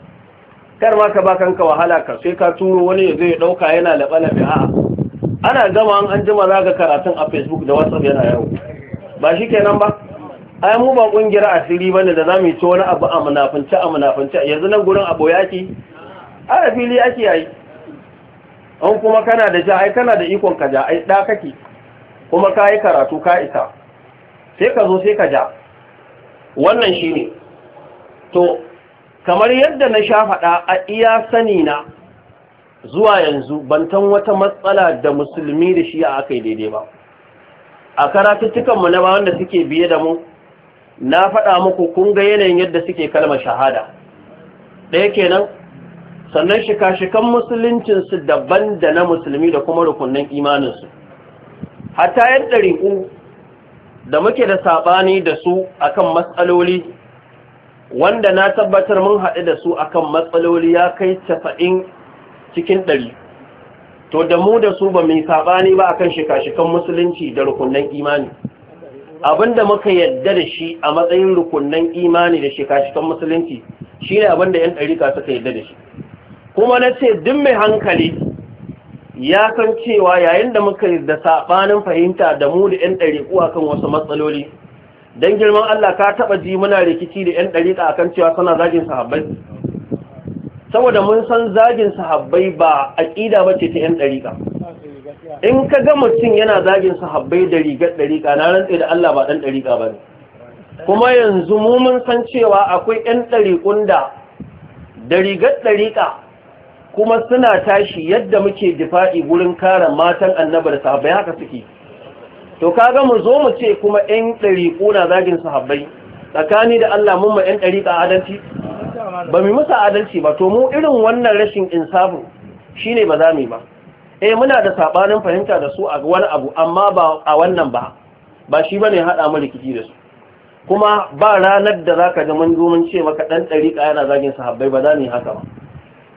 kar ma ka ba kanka wahala ka sai ka turo wani ya zo dauka yana laɓa laɓe a'a ana gama an jima za ka karatun a facebook da whatsapp yana yawo ba shi kenan ba ai mu ba kungiyar asiri bane da zamu ci wani abu a munafunci a munafunci yanzu nan gurin abu yaki a fili ake yayi an kuma kana da ja ai kana da ikon ka ja ai da kake kuma ka yi karatu ka isa sai ka zo sai ka ja wannan shine to kamar yadda na sha faɗa a iya sani na zuwa yanzu bantan wata matsala da musulmi da shi a aka daidai ba a mu na wanda suke biye da mu na faɗa muku kun ga yanayin yadda suke kalmar shahada ɗaya kenan sannan shika-shikan musuluncinsu daban da na musulmi da kuma rukunin imaninsu hatta yadda ɗari'u da muke da saɓani da su akan matsaloli wanda na tabbatar mun haɗu da su akan matsaloli ya kai casa'in cikin ɗari to da mu da su ba mai saɓani ba akan shika-shikan musulunci da rukunan imani da muka yadda da shi a matsayin rukunan imani da shika-shikan musulunci shi ne da 'yan ɗarika suka yadda da shi kuma na ce duk mai hankali ya san cewa yayin da muka da saɓanin fahimta da mu da 'yan ɗariku akan wasu matsaloli dan girman Allah ka taba ji muna rikici da yan dariƙa akan cewa suna zagin sahabbai saboda mun san zagin sahabbai ba ba ce ta yan dariƙa in ka ga mutum yana zagin sahabbai da rigar dariƙa na rantse da Allah ba dan dariƙa ne. kuma yanzu mu mun san cewa akwai yan ɗariƙun da da rigar dariƙa kuma suna tashi yadda muke difa'i gurin kare matan annabi da sahabbai haka suke to kaga mu zo mu ce kuma ɗan ɗariƙo na zagin sahabbai tsakani da Allah mun ma ɗan ɗariƙa adalci ba mu musa adalci ba to mu irin wannan rashin shi shine ba za mu yi ba eh muna da saɓanin fahimta da su a wani abu amma ba a wannan ba ba shi bane hada mu rikici da su kuma ba ranar da zaka ga mun zo mun ce maka ɗan ɗariƙa yana zagin sahabbai ba za mu yi haka ba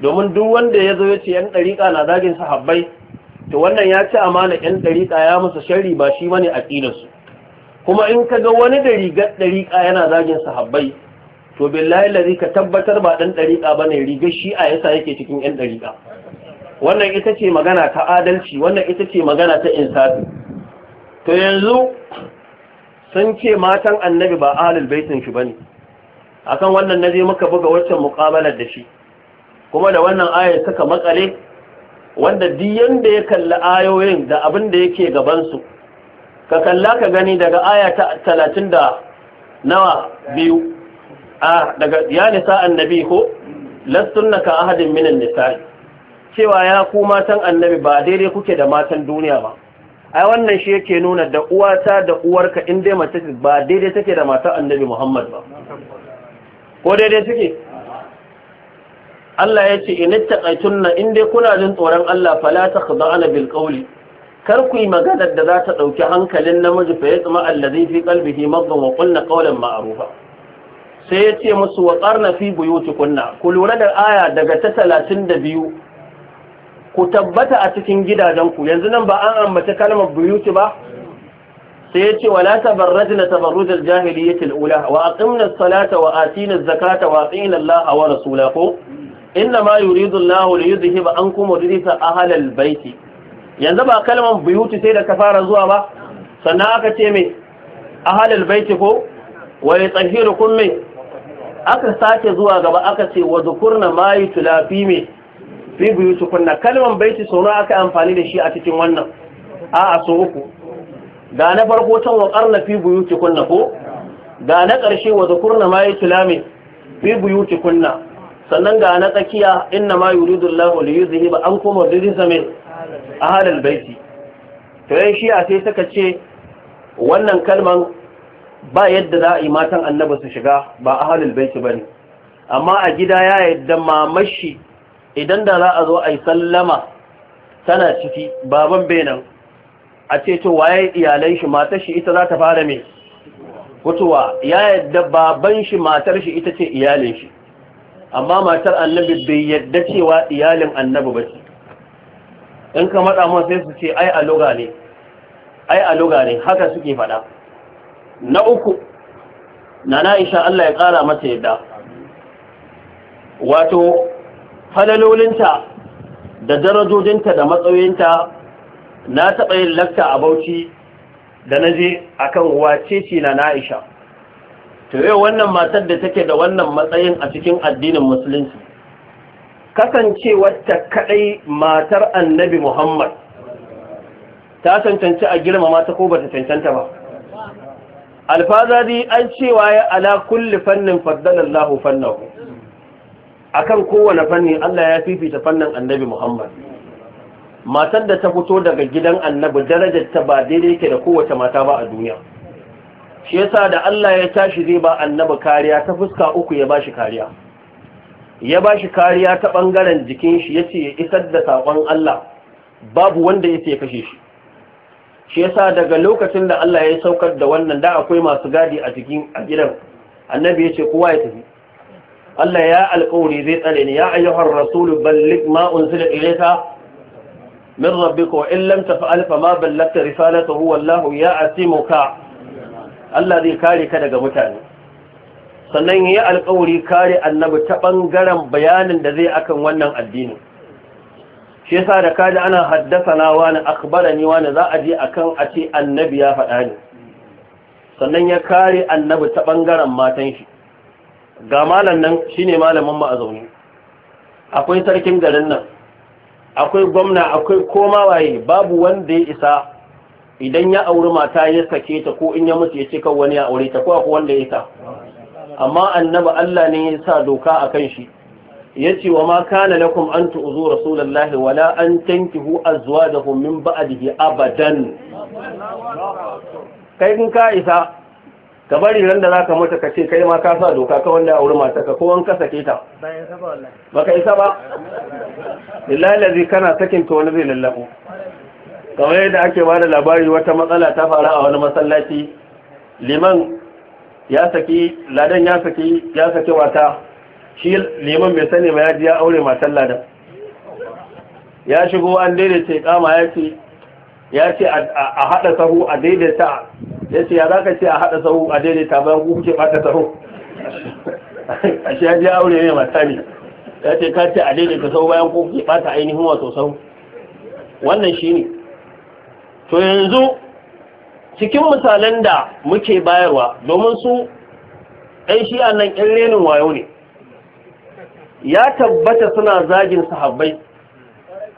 domin duk wanda ya zo ya ce yan ɗariƙa na zagin sahabbai to wannan ya ci amana yan dariƙa ya masa shari ba shi a ƙinansu kuma in ka ga wani da rigar yana zagin sahabbai to billahi lari ka tabbatar ba dan dariƙa bane rigar shi a yasa yake cikin yan dariƙa wannan ita ce magana ta adalci wannan ita ce magana ta insafi to yanzu sun ce matan annabi ba ahlul baitin shi bane akan wannan na naje muka buga waccan muqabalar da shi kuma da wannan ayar suka makare wanda duk yanda ya kalli ayoyin da abin da yake gabansu ka kalla ka gani daga aya ta talatin da nawa biyu a daga ya nisa annabi ko lastunna ka ahadin minan nisa'i cewa ya ku matan annabi ba daidai kuke da matan duniya ba ai wannan shi yake nuna da uwata da uwarka in dai mace ba daidai take da matan annabi Muhammad ba ko daidai take Allah ya ce in taqaitunna in dai kuna jin tsoron Allah fala zaana bil qawli kar ku yi maganar da za ta ɗauki hankalin namiji fa ya tsama allazi fi qalbihi maddan wa qulna qawlan ma'rufa sai ya ce musu wa qarna fi buyutikunna ku lura da aya daga ta 32 ku tabbata a cikin gidajenku yanzu nan ba an ambaci kalmar buyuti ba sai ya ce wala tabarrajna tabarruj al al-ula wa aqimna as-salata wa atina az-zakata wa atina Allah wa rasulahu inna ma yuridu Allahu li yuzhiba ankum rijsa ahlal baiti yanzu ba kalman buyuti sai da ka fara zuwa ba sannan aka ce me ahlal baiti ko wa yatahhirukum me aka sake zuwa gaba aka ce wa dhukurna ma yutlafi me fi buyutukunna kalman bayti sono aka amfani da shi a cikin wannan a'a so uku ga na farko can wa qarna fi kunna, ko ga na ƙarshe wa dhukurna ma yutlafi fi kunna? sannan ga na tsakiya inna ma yuridu Allahu li yuzhiba ankum rijsa a halin baiti to shi shi'a sai suka ce wannan kalman ba yadda za a yi matan annaba su shiga ba a halin baiti ne. amma a gida ya yadda mamashi idan da za a zo a yi sallama tana ciki baban benan a ce to waye iyalai shi matar shi ita za ta fara mai fitowa ya yadda baban shi matar shi ita ce iyalin shi amma matar annabi bai yadda cewa iyalin annabi ba ce in ka matsa mun sai su ce ai aluga ne ai aluga ne haka suke faɗa na uku na na'isha Allah ya ƙara mata yadda wato falalolinta da darajojinta da matsayinta na taɓa yin lakta a bauchi da naje akan wace ce na na'isha to yau wannan matar da take da wannan matsayin a cikin addinin musulunci kasancewarta kadai matar annabi muhammad ta cancanci a girmama ta ko ba cancanta ba alfazari an cewa ya ala kulli fannin faddalallahu fannahu akan kowane fanni Allah ya fifita fannin annabi muhammad matar da ta fito daga gidan annabi darajar ta ba daidai yake da kowace mata ba a duniya shi yasa da Allah ya tashi zai ba annabi kariya ta fuska uku ya bashi kariya ya bashi kariya ta bangaren jikin shi yace ya isar da sakon Allah babu wanda yace ya kashe shi shi yasa daga lokacin da Allah ya saukar da wannan da akwai masu gadi a cikin a gidan annabi yace kowa ya tafi Allah ya alƙawari zai tsare ni ya ayyuhar rasulu balligh ma unzila ilayka من ربك وإن لم تفعل فما ya رسالته والله يعصمك Allah zai kare ka daga mutane sannan ya alƙawari kare annabi ta ɓangaren bayanin da zai akan wannan addini shi yasa da kaji ana haddasa na wani akbara ni wani za a je akan a ce annabi ya faɗa ne sannan ya kare annabi ta ɓangaren matan shi ga malam nan shine malamin mu a akwai sarkin garin nan akwai gwamna akwai koma waye babu wanda ya isa idan ya auri mata ya sake ta ko in ya mutu ya ce kan wani ya aure ta ko akwai wanda ya ta amma annaba Allah ne ya sa doka a kan shi ya ce wa ma kana lakum an tu'zu rasulullahi wala an tankihu azwajahum min ba'dihi abadan kai kun ka isa ka bari ran da zaka mutu ka ce kai ma ka sa doka ka wanda ya aure mata ka ko an ka sake ta ka isa ba lillahi kana sakin ta wani zai lallabo kawai yadda ake ba da labari wata matsala ta faru a wani masallaci liman ya saki ladan ya saki ya saki wata shi liman bai sani ba ya ji ya aure matan ladan ya shigo an daidaita kama ya ce ya ce a haɗa sahu a daidaita ya ce ya za ka ce a haɗa sahu a daidaita bayan ku kuke ɓata sahu a shi ya ji aure mai mata ne ya ce ka ce a daidaita sahu bayan ku kuke ɓata ainihin wato sahu wannan shi ne to yanzu cikin misalan da muke bayarwa domin su ɗan shi'a nan ƙin renin wayo ne ya tabbata suna zagin sahabbai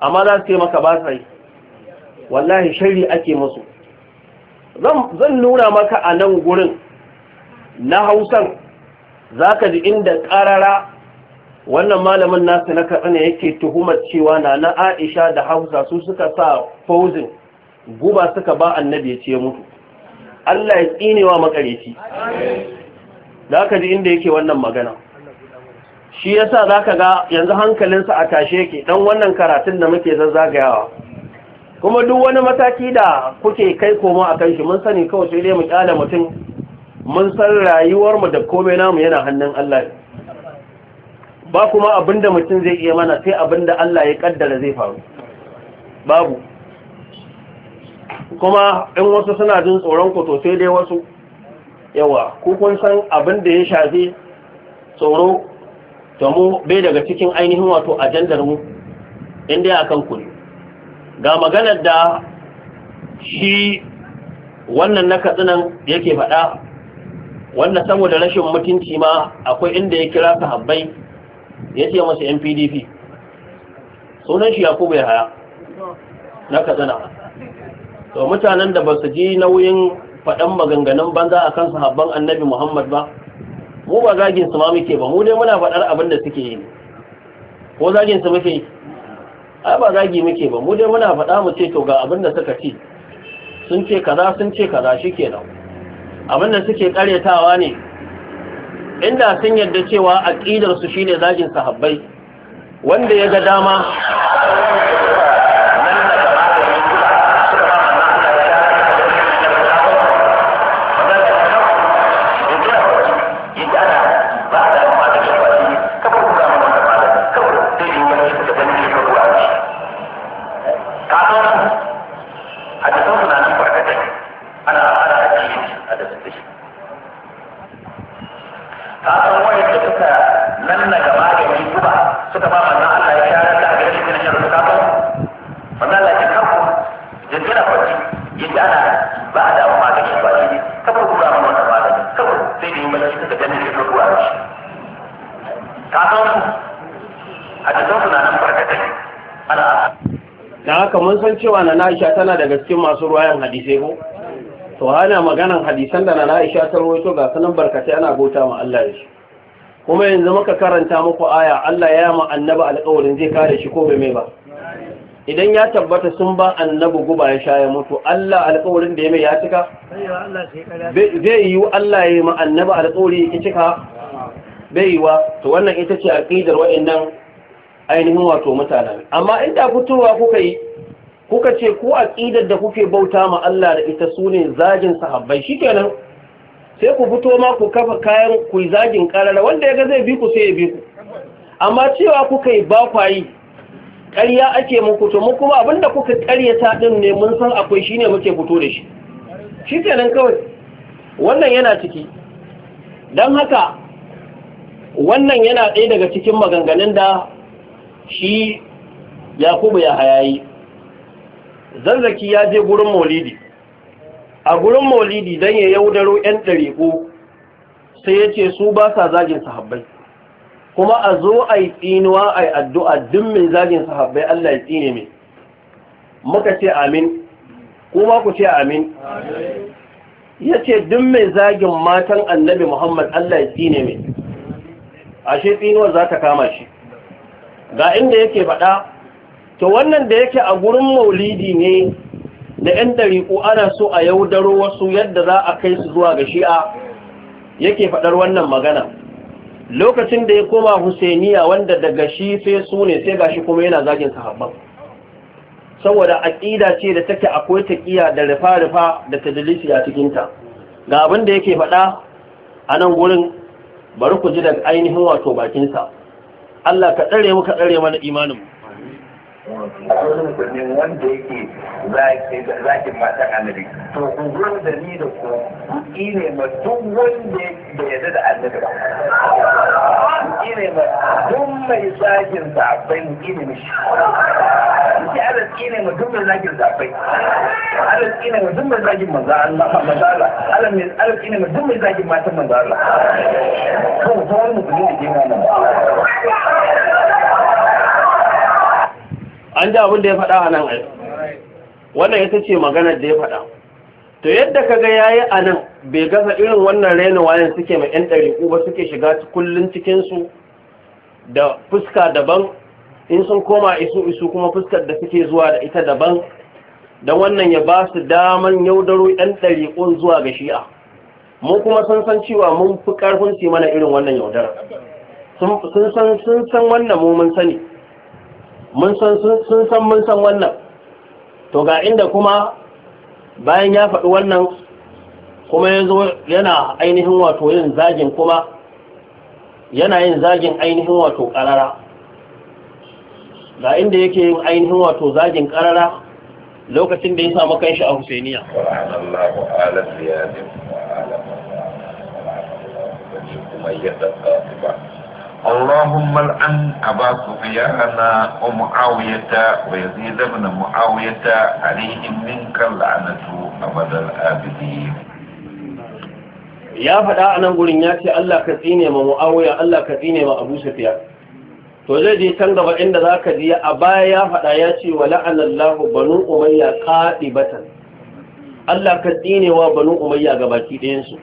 amma za su yi maka ba sai wallahi shari ake musu zan nuna maka a nan gurin na hausan za ka ji inda ƙarara wannan malamin nasu na katsina yake tuhumar cewa na na aisha da hausa su suka sa fauzin guba suka ba annabi ya ce mutu Allah ya tsinewa makareci da aka ji inda yake wannan magana shi yasa zaka ga yanzu hankalinsa a tashe yake dan wannan karatun da muke zazzagayawa kuma duk wani mataki da kuke kai koma a kan shi mun sani kawai sai dai mu kyale mutum mun san rayuwar mu da komai namu yana hannun Allah ba kuma abinda mutum zai iya mana sai abinda Allah ya kaddara zai faru babu kuma in wasu suna jin tsoron ku to sai dai wasu yawa ku kun san abin da ya shafi tsoro to mu bai daga cikin ainihin wato ajandar mu in dai akan ku ga maganar da shi wannan na katsinan yake faɗa wanda saboda rashin mutunci ma akwai inda ya kira Habbai ya ce masa NPDP, sunan shi yakubu yahaya haya na katsina to mutanen da ba su ji nauyin faɗan maganganun banza a kan sahabban annabi muhammad ba mu ba zagin su ma muke ba mu dai muna faɗar abin da suke yi ko zagin su muke ai ba zagi muke ba mu dai muna faɗa mu ce to ga abin da suka ci sun ce kaza sun ce kaza shikenan abin da suke karetawa ne inda sun yarda cewa aqidar su shine zagin sahabbai wanda ya ga dama cewa na Aisha tana daga cikin masu ruwayan hadisai ko to hana maganan hadisan da na naisha ta rawaito ga sanan barkatai ana bauta ma Allah ya shi kuma yanzu muka karanta muku aya Allah ya ma annabi alƙawarin zai kare shi ko bai ba idan ya tabbata sun ba annabi guba ya sha ya mutu Allah alƙawarin da ya mai ya cika zai yi Allah ya ma annabi alƙawari ya cika bai yi wa to wannan ita ce aqidar wa'annan ainihin wato mutane. amma inda fitowa kuka yi kuka ce ku aqidar da kuke bauta ma Allah da ita sune zagin sahabbai shikenan sai ku fito ma ku kafa kayan ku zagin karara wanda ya ga zai bi ku sai ya bi ku amma cewa kuka yi bakwai ƙarya ake muku to mu kuma abinda kuka ƙaryata din ne mun san akwai shine muke fito da shi shikenan kawai wannan yana ciki dan haka wannan yana ɗaya daga cikin maganganun da shi yakubu ya hayayi zanzaki ya je gurin maulidi a gurin maulidi don ya yaudaro 'yan ɗariƙo sai ya ce su ba sa zagin sahabbai kuma a zo a yi tsinuwa a yi addu'a duk mai zagin sahabbai Allah ya tsine mai muka ce amin kuma ku ce amin ya ce duk mai zagin matan annabi Muhammad Allah ya tsine mai ashe tsinuwar za ta kama shi ga inda yake faɗa to wannan da yake a gurin maulidi ne da 'yan ɗariƙu ana so a yaudaro wasu yadda za a kai su zuwa ga shi'a yake faɗar wannan magana lokacin da ya koma husainiya wanda daga shi sai su ne sai ga shi kuma yana zagin sahabban saboda aƙida ce da take akwai taƙiya da rufa-rufa da ta dalisi a cikinta ga abin da yake faɗa a nan gurin bari ku ji daga ainihin wato bakinsa Allah ka tsare mu ka tsare mana imaninmu akwai rukunin wanda yake zakin matan annabi to ku zo da ni da ku ki ne ma duk wanda da yadda da annabi ba ki ne ma duk mai zakin zabai mu ki ne mishi ki arziki ne ma duk mai zakin zabai arziki ne ma duk mai zakin maza Allah manzo Allah arziki ne ma duk mai zakin matan manzo Allah to ko wani mutum ne ke nan an ji abin da ya faɗa a nan ai wannan ita ce maganar da ya faɗa to yadda ka ga yayi a nan bai gasa irin wannan raina wayan suke mai yan ɗariƙu ba suke shiga kullum cikinsu da fuska daban in sun koma isu isu kuma fuskar da suke zuwa da ita daban don wannan ya ba su daman yaudaro yan ɗariƙun zuwa ga shi'a mu kuma sun san cewa mun fi ƙarfin su mana irin wannan yaudara sun san wannan mu mun sani mun san sun san mun san wannan to ga inda kuma bayan ya faɗi wannan kuma ya zo yana ainihin wato yin zagin kuma yana yin zagin ainihin wato ƙarara ga inda yake yin ainihin wato zagin ƙarara lokacin da ya samu kanshi a Husainiya. kuma ya اللهم العن أبا سفيان ومعاوية ويزيد بن معاوية عليهم منك اللعنة أبد الآبدين ya faɗa a nan gurin ya ce Allah ka tsine ma mu'awiya Allah ka tsine Abu to zai je can gaba inda zaka ji a baya ya faɗa ya ce wa la'anallahu banu umayya qadibatan Allah ka tsine wa banu umayya gabaki baki ɗayansu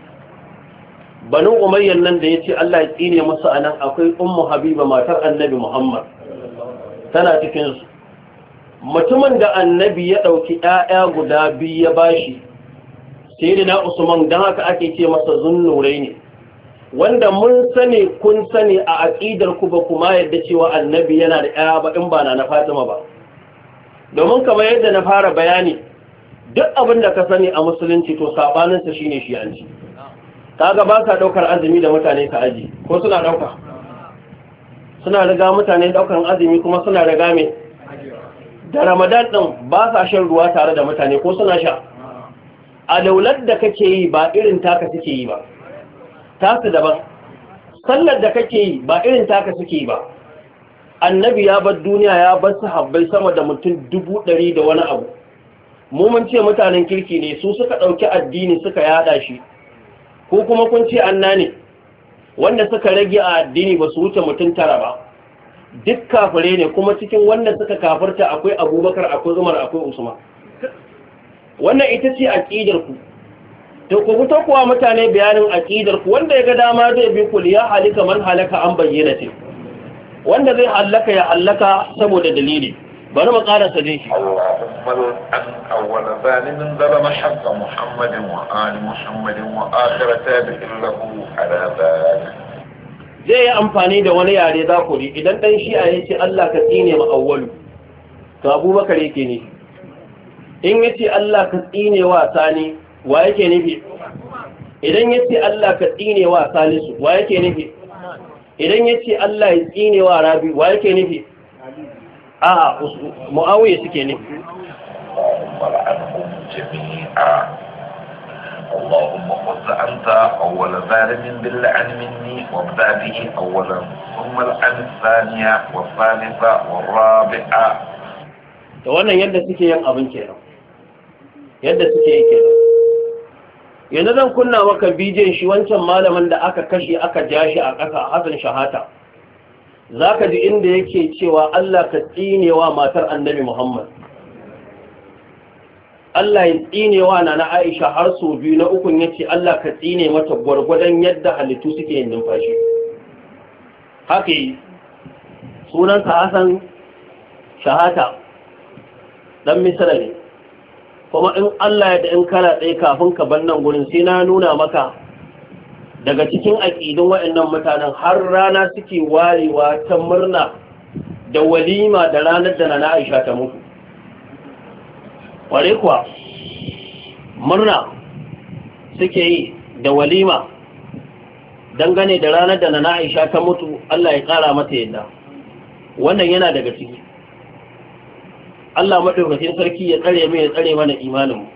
banu umayyan nan da ya ce Allah ya tsine musu a nan akwai ummu habiba matar annabi muhammad tana cikinsu mutumin da annabi ya ɗauki ‘ya'ya guda biyu ya bashi sai da na usman don haka ake ce masa zunnurai ne wanda mun sani kun sani a aƙidar ku ba kuma yadda cewa annabi yana da ‘ya'ya ba in ba na fatima ba domin kamar yadda na fara bayani duk abin da ka sani a musulunci to saɓaninsa shine shi'anci kaga ba sa daukar azumi da mutane ka aji ko suna dauka suna riga mutane daukan azumi kuma suna riga me da ramadan din ba sa shan ruwa tare da mutane ko suna sha a daular da kake yi ba irin taka suke yi ba tasu daban sallar da kake yi ba irin taka suke yi ba annabi ya bar duniya ya bar sahabbai sama da mutum dubu ɗari da wani abu mu mun ce mutanen kirki ne su suka ɗauki addini suka yada shi ko kuma kun ce anna ne wanda suka rage a addini ba su wuce mutum tara ba duk kafire ne kuma cikin wanda suka kafarta akwai abubakar akwai umar akwai usman wannan ita ce aqidar ku to ku fito kuwa mutane bayanin aqidar ku wanda ga dama zai bi ku ya halika man halaka an bayyana ce wanda zai halaka ya halaka saboda dalili bari mu ƙara sa jin shi Allahumma an awwala zalimin zalama haqqa Muhammadin wa ali Muhammadin wa akhira tabi'in lahu ala zalik zai yi amfani da wani yare za ku ji idan dan shi'a ya ce Allah ka tsine mu awwalu to Abubakar yake ne in ya ce Allah ka tsine wa sani wa yake nufi idan ya ce Allah ka tsine wa salisu wa yake nufi idan ya ce Allah ya tsine wa rabi wa yake nufi a'a suke ne اللهم خذ أنت أول ظالم باللعن مني وابدأ به أولا ثم الآن الثانية والثالثة والرابعة da wannan yadda suke yin abin kenan yadda suke yi kenan yanzu zan kunna maka bidiyon shi wancan malamin da aka kashe aka jashi a ƙasa a hasan shahata za ka ji inda yake cewa Allah ka tsinewa matar annabi Muhammad Allah ya tsinewa na na Aisha har sau biyu na ukun ya ce Allah ka tsine mata gwargwadon yadda halittu suke yin numfashi haka yi sunansa Hassan shahata ɗan misira ne kuma in Allah ya da in kana ɗaya kafin ka bar nan gurin sai na nuna maka daga cikin aƙidun waɗannan mutanen har rana suke warewa ta murna da walima da ranar da na aisha ta mutu ƙware kuwa murna suke yi da walima dangane da ranar da na aisha ta mutu allah ya ƙara mata yadda wannan yana daga ciki allah maɗaukacin sarki ya tsare mai ya tsare mana imaninmu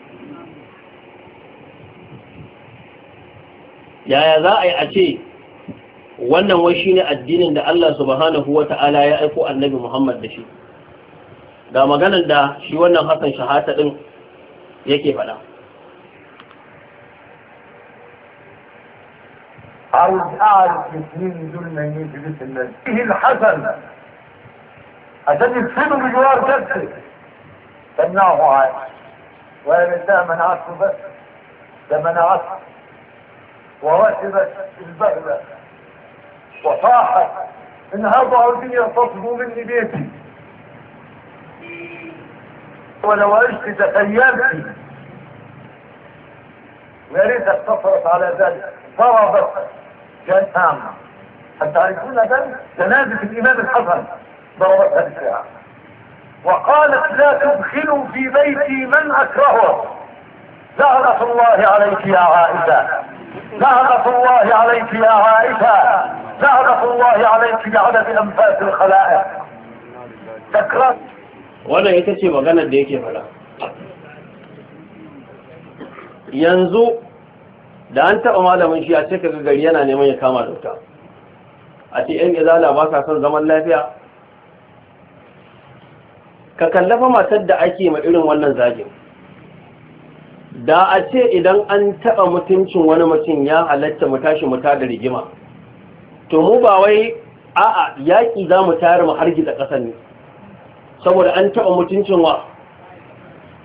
yaya za a yi a ce wannan wai shine addinin da Allah subhanahu wata'ala ya aiko annabi Muhammad da shi ga maganar da shi wannan hasan shahata din yake faɗa عاوز اعرف الاثنين دول نايمين في بيت الناس الحسن عشان يدفنوا بجوار كبسه تمنعه عايش ويا ده منعته بس ده منعته وركبت البغلة وصاحت ان هذا عربية تطلب مني بيتي ولو عشت تخيلت يا ريت اقتصرت على ذلك ضربت اعمى هل تعرفون ذلك؟ جنازة الإمام الحسن ضربتها بساعة وقالت لا تدخلوا في بيتي من أكرهه لعنة الله عليك يا عائشة لعنة الله عليك يا عائشة لعنة الله عليك بعدد أنفاس الخلائق شكرا wannan ita ce maganar da yake fara yanzu da an taɓa malamin shi a cika gari yana neman ya kama da a ce yan izala ba sa son zaman lafiya ka kallafa matar da ake ma irin wannan zagin da a ce idan an taɓa mutuncin wani mutum ya halatta mu tashi mu tada rigima to mu ba wai a'a yaƙi za mu tayar mu hargitsa ƙasar ne saboda an taɓa mutuncin wa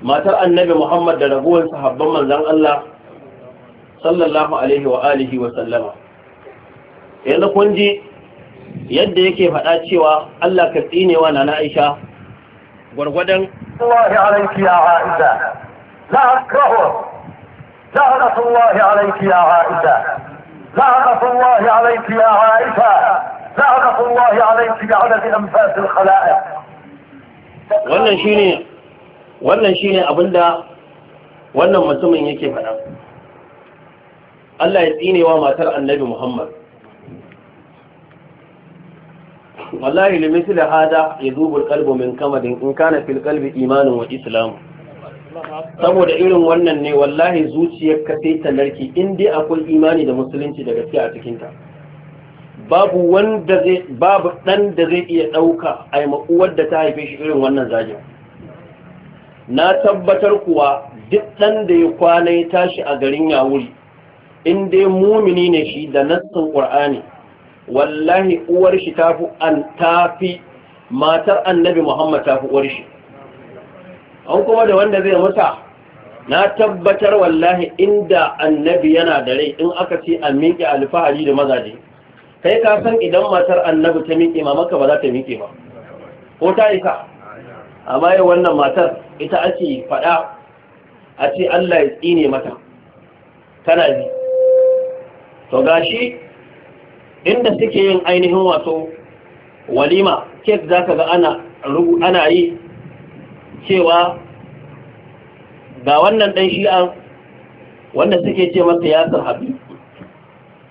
matar annabi muhammad da raguwar sahabban manzan allah sallallahu alaihi wa alihi wa sallama yanzu kun ji yadda yake faɗa cewa allah ka tsinewa na na aisha gwargwadon Allah ya لا أكرهه لعنة الله عليك يا عائشة لعنة الله عليك يا عائشة لعنة الله عليك بعدد أنفاس الخلائق wannan shine wannan shine abinda wannan mutumin yake faɗa Allah ya tsine wa matar Annabi Muhammad wallahi limisli hada yazubul qalbu min kamadin in kana fil qalbi imanun wa islamun saboda irin wannan ne wallahi zuciyar ka sai ta narki in dai akwai imani da musulunci da gaske a cikin ta babu wanda zai babu dan da zai iya dauka ai uwar da ta haife shi irin wannan zagin na tabbatar kuwa duk dan da ya kwana ya tashi a garin yawuri in dai mumini ne shi da nassin qur'ani wallahi uwar shi tafi an tafi matar annabi muhammad tafi uwar shi an kuma da wanda zai mutu na tabbatar wallahi inda annabi yana da rai in aka ce an miƙe alfahari da mazaje kai ka san idan matar annabi ta miƙe ma maka ba za ta miƙe ba ko ta isa amma yau wannan matar ita ake faɗa a ce Allah ya tsine mata tana ji to gashi inda suke yin ainihin wato walima kek zaka ga ana yi cewa ga wannan ɗan shi'a wanda suke ce masa yasir habib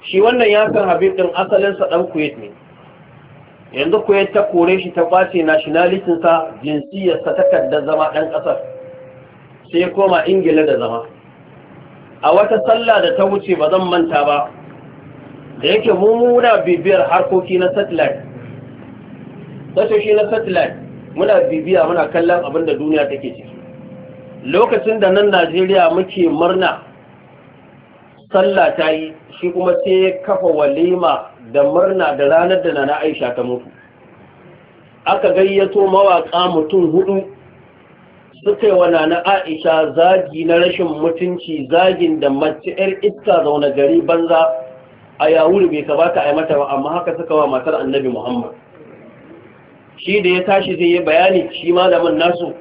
shi wannan yasir habib ɗin asalinsa ɗan kuwait ne yanzu kuwait ta kore shi ta kwace nationalitinsa jinsiyarsa takardar zama ɗan ƙasar sai ya koma ingila da zama a wata sallah da ta wuce ba zan manta ba da yake mummuna bibiyar harkoki na satellite tashoshi na satellite muna bibiya muna kallon abin da duniya take ciki lokacin da nan najeriya muke murna sallah ta yi shi kuma sai kafa walima da murna da ranar da nana aisha ta mutu aka gayyato mawaƙa mutum hudu suka yi wa nana aisha zagi na rashin mutunci zagin da mace 'yar iska zaune gari banza a yawuri bai kamata a yi mata ba amma haka suka wa matar annabi muhammad shi da ya tashi zai yi bayani shi malamin nasu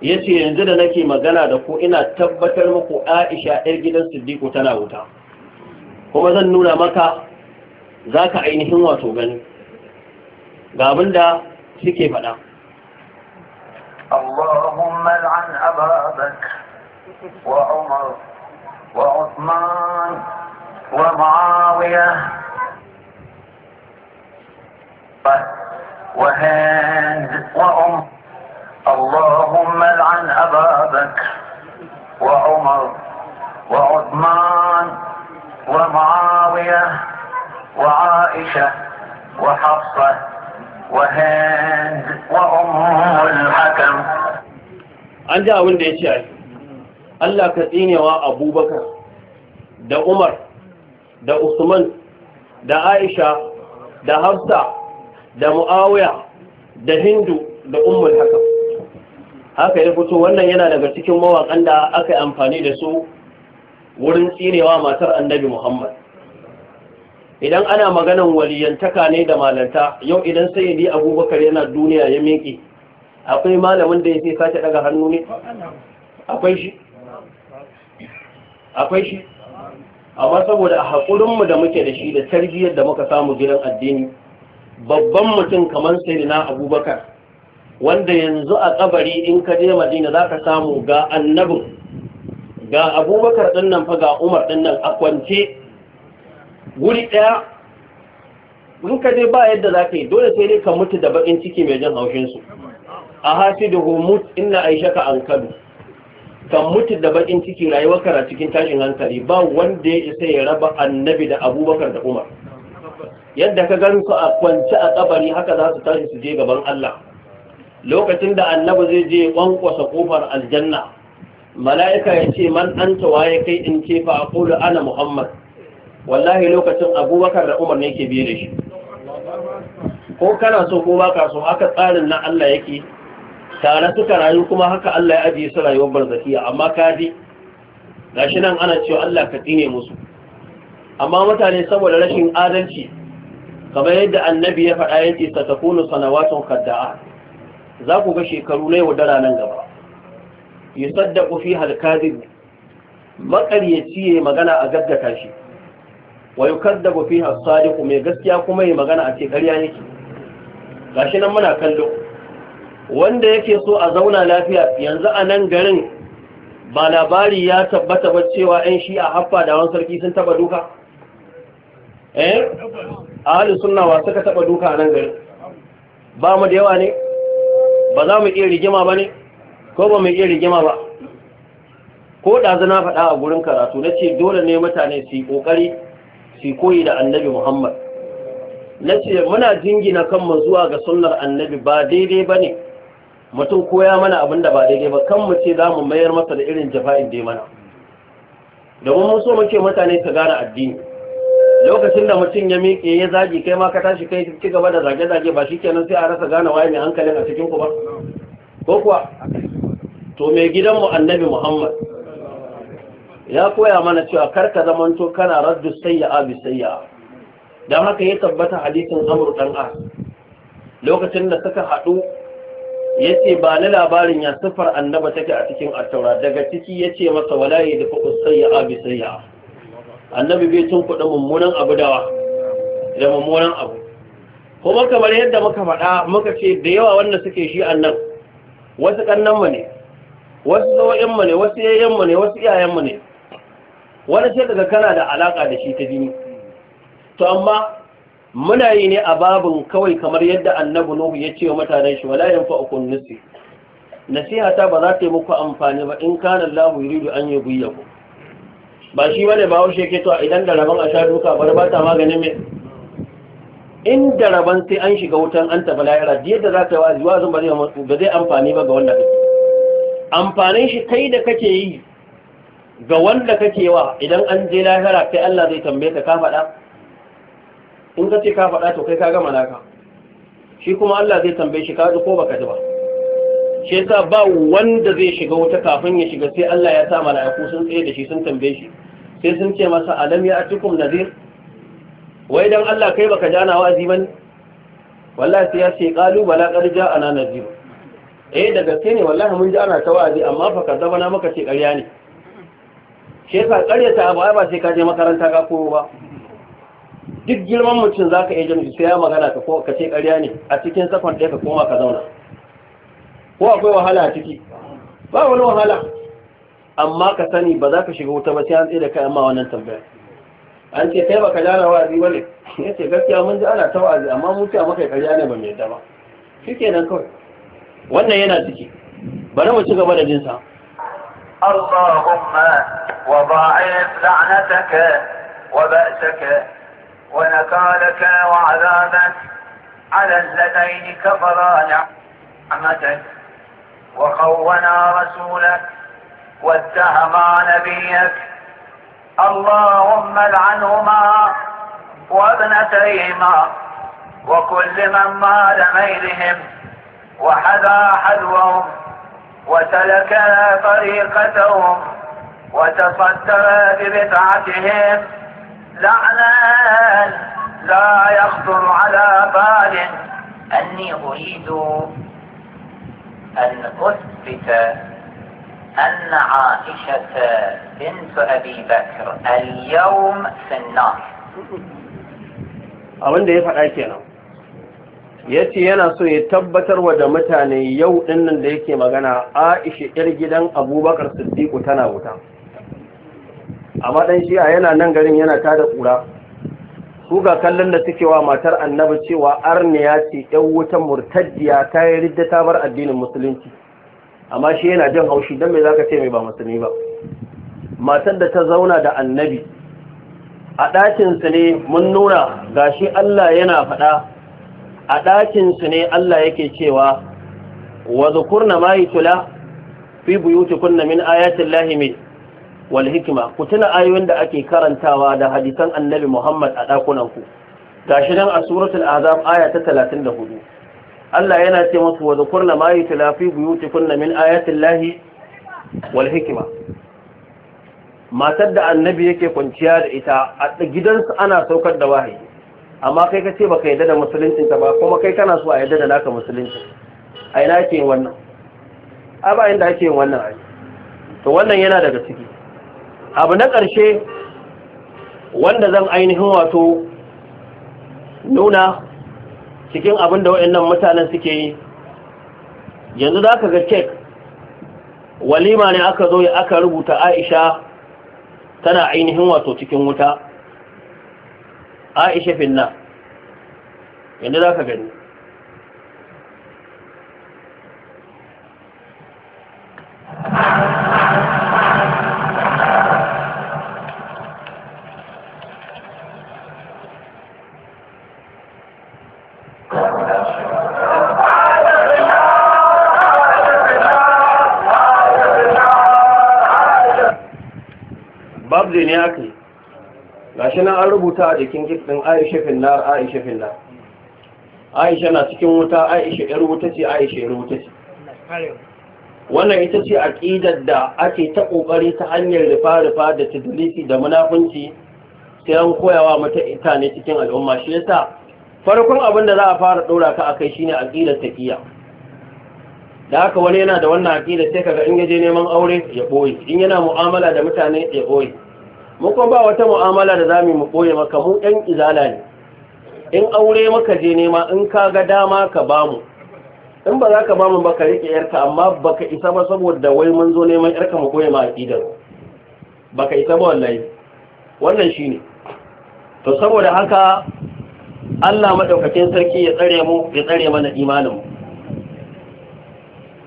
ya ce yanzu da nake magana da ku ina tabbatar muku aisha yar gidan siddiku tana wuta kuma zan nuna maka za ka ainihin wato gani ga abin da suke faɗa اللهم لعن أبا بكر وعمر وعثمان ومعاوية وهاد وأم اللهم العن أبا بكر وعمر وعثمان ومعاوية وعائشة وحفصة وهاد وأم الحكم عند أول نيشي الله كتيني أبو بكر ده عمر ده عثمان ده عائشة ده حفصة da mu'awiya da hindu da ummul hakam haka ya fito wannan yana daga cikin mawaƙan da aka yi amfani da su wurin tsinewa matar annabi muhammad idan ana maganan waliyantaka ne da malanta yau idan sayyidi abubakar yana duniya ya miƙe akwai malamin da ya ce sace daga hannu ne akwai shi akwai shi amma saboda a haƙurinmu da muke da shi da tarbiyyar da muka samu gidan addini babban mutum kamar sai na abubakar wanda yanzu a kabari in ka je madina za ka samu ga annabin ga abubakar ɗinnan fa ga umar ɗinnan a kwance guri ɗaya in ka je ba yadda za ka yi dole sai dai ka mutu da baƙin ciki mai jan haushinsu a hasi da homut ina aisha ka an kadu ka mutu da baƙin ciki rayuwar na cikin tashin hankali ba wanda ya isa ya raba annabi da abubakar da umar yadda ka gani su a kwanci a kabari haka za su tashi su je gaban Allah lokacin da annabi zai je kwankwasa kofar aljanna mala'ika ya ce man anta waye kai in ce fa a kulu ana muhammad wallahi lokacin abubakar da umar ne ke biye da shi ko kana so ko baka so haka tsarin na Allah yake tare suka rayu kuma haka Allah ya ajiye su rayuwar barzakiya amma ka ji? gashi nan ana cewa Allah ka tsine musu amma mutane saboda rashin adalci kamar yadda annabi ya faɗa yace satakunu sanawatun qadda'a za ku ga shekaru na yau dara nan gaba yusaddaqu fi halkadib makaryaci ya magana a gaggata shi wa yukaddabu fiha as-sadiq mai gaskiya kuma ya magana a ce ƙarya yake gashi nan muna kallo wanda yake so a zauna lafiya yanzu a nan garin ba labari ya tabbata ba cewa 'yan shi a haffa da wani sarki sun taba duka? eh? ahalin sunna wa ka taba duka nan gari ba mu da yawa ne ba za mu iya rigima ba ne ko ba mu iya rigima ba ko ɗazu na faɗa a gurin karatu na ce dole ne mutane su yi ƙoƙari su koyi da annabi muhammad na ce muna jingina kanmu zuwa ga sunnar annabi ba daidai ba ne mutum koya mana abin da ba daidai ba kan mu ce za mu mayar masa da irin jafa'in da mana domin mun so muke mutane ka gane addini lokacin da mutum ya miƙe ya zagi kai ma ka tashi kai ci gaba da zage-zage ba shi kenan sai a rasa gane waye mai hankalin a cikin ku ba ko kuwa to mai gidan mu annabi muhammad ya koya mana cewa kar ka zamanto kana raddu sayya'a bi sayya'a dan haka ya tabbata hadisin amr dan a lokacin da suka haɗu ya ce ba ni labarin ya siffar annaba take a cikin attaura daga ciki ya ce masa walayi da faƙus sayya abi sayya annabi bai tun kuɗin mummunan abu dawa da mummunan abu kuma kamar yadda muka faɗa muka ce da yawa wanda suke shi annan wasu mu ne wasu mu ne wasu mu ne wasu iyayenmu ne wani sai daga kana da alaƙa da shi ta jini to amma muna yi ne a babin kawai kamar yadda annabi nuhu ya ce wa mutanen shi wala yanfa'ukum nusi nasiha ta ba za ta yi muku amfani ba in kana Allahu yuridu an yubiyakum ba shi wane ba haushe ke to idan da rabon a sha duka ba ba ta maganin mai in da rabon sai an shiga wutan an tafi layara yadda za ka yi wazi wazin ba zai ba zai amfani ba ga wanda kake amfanin shi kai da kake yi ga wanda kake wa idan an je lahira kai Allah zai tambaye ka ka faɗa in ka ce ka faɗa to kai ka gama naka shi kuma Allah zai tambaye shi ka ji ko baka ji ba shi yasa ba wanda zai shiga wuta kafin ya shiga sai Allah ya sa mala'iku sun tsaye da shi sun tambaye shi sai sun ce masa alam ya atikum nadir wai dan Allah kai baka jana wa'azi bane wallahi sai ya ce qalu bala qad ja'ana nadir eh da gaske ne wallahi mun ji ana ta wa'azi amma fa ka zama na maka ce ƙarya ne shi yasa ta, abu ai ba sai ka je makaranta ka koyo ba duk girman mutum zaka iya jin sai ya magana ka ko ka ce ƙarya ne a cikin sakon ɗaya ka koma ka zauna ko akwai wahala a ciki ba wani wahala amma ka sani ba za ka shiga wuta ba sai an tsaye da kai amma wannan tambaya an ce kai baka jana wa'azi bane ya ce gaskiya mun ji ana ta wa'azi amma mu ce maka karya ne ba mai yadda ba shikenan kawai wannan yana ciki bari mu ci gaba da jin sa اللهم وضاعف لعنتك وبأسك ونكالك وعذابك على الذين كفرا نعمتك وخونا رسولك واتهما نبيك اللهم لعنهما وابنتيهما وكل من مال ميلهم وحذا حذوهم وسلك طريقتهم وتصدر ببدعتهم لعنا لا يخطر على بال أني أريد أن أثبت أن عائشة بنت أبي بكر اليوم في النار abin da ya faɗa kenan ya ce yana so ya tabbatar wa da mutane yau ɗinnan da yake magana aisha 'yar gidan abubakar siddiqu tana wuta amma ɗan shi'a yana nan garin yana tada ƙura su ga kallon da suke wa matar annabi cewa arniya ce yan wutan murtaddiya ta yi ridda ta bar addinin musulunci amma shi yana jin haushi don me zaka ce mai ba musulmi ba matar da ta zauna da annabi a ɗakinsu ne mun nuna ga shi Allah yana faɗa a ɗakinsu ne Allah yake cewa wa zukurna ma yi fi buyuti kunna min ayatin lahimi wal hikima ku tuna ayoyin da ake karantawa da hadisan annabi Muhammad a dakunan ku gashi nan a suratul azab aya ta 34 Allah yana ce musu wa zakurna ma yutla fi buyutikunna min ayati llahi wal hikima matar da annabi yake kwanciya da ita a gidansa ana saukar da wahayi amma kai ka ce baka yadda da musuluncin ba kuma kai kana so a yadda da naka musulunci a ina ake yin wannan a ba da ake yin wannan ai to wannan yana daga ciki abu na ƙarshe wanda zan ainihin wato nuna cikin abin da waɗannan mutanen suke yi yanzu za ka ga cek walima ne aka zo ya aka rubuta aisha tana ainihin wato cikin wuta aisha finna yanzu za ka gani gashi an rubuta a jikin kit Aisha finnar Aisha finnar Aisha na cikin wuta Aisha ya rubuta ce Aisha ya rubuta ce wannan ita ce aƙidar da ake ta kokari ta hanyar rufa-rufa da tadlisi da munafunci sai an koyawa mata ita ne cikin al'umma shi yasa farkon abin da za a fara ɗora ka a akai shine aƙidar tafiya. da haka wani yana da wannan aƙidar sai kaga in yaje neman aure ya ɓoye, in yana mu'amala da mutane ya ɓoye. mu ba wata mu'amala da zamu mu koya maka mu ɗan izala ne in aure maka je nema in ka ga dama ka ba mu in ba za ka ba mu ba ka rike yarka amma baka isa ba saboda wai mun zo neman yarka mu koya ma aqidar baka isa ba wallahi wannan shine to saboda haka Allah madaukakin sarki ya tsare mu ya tsare mana imanin mu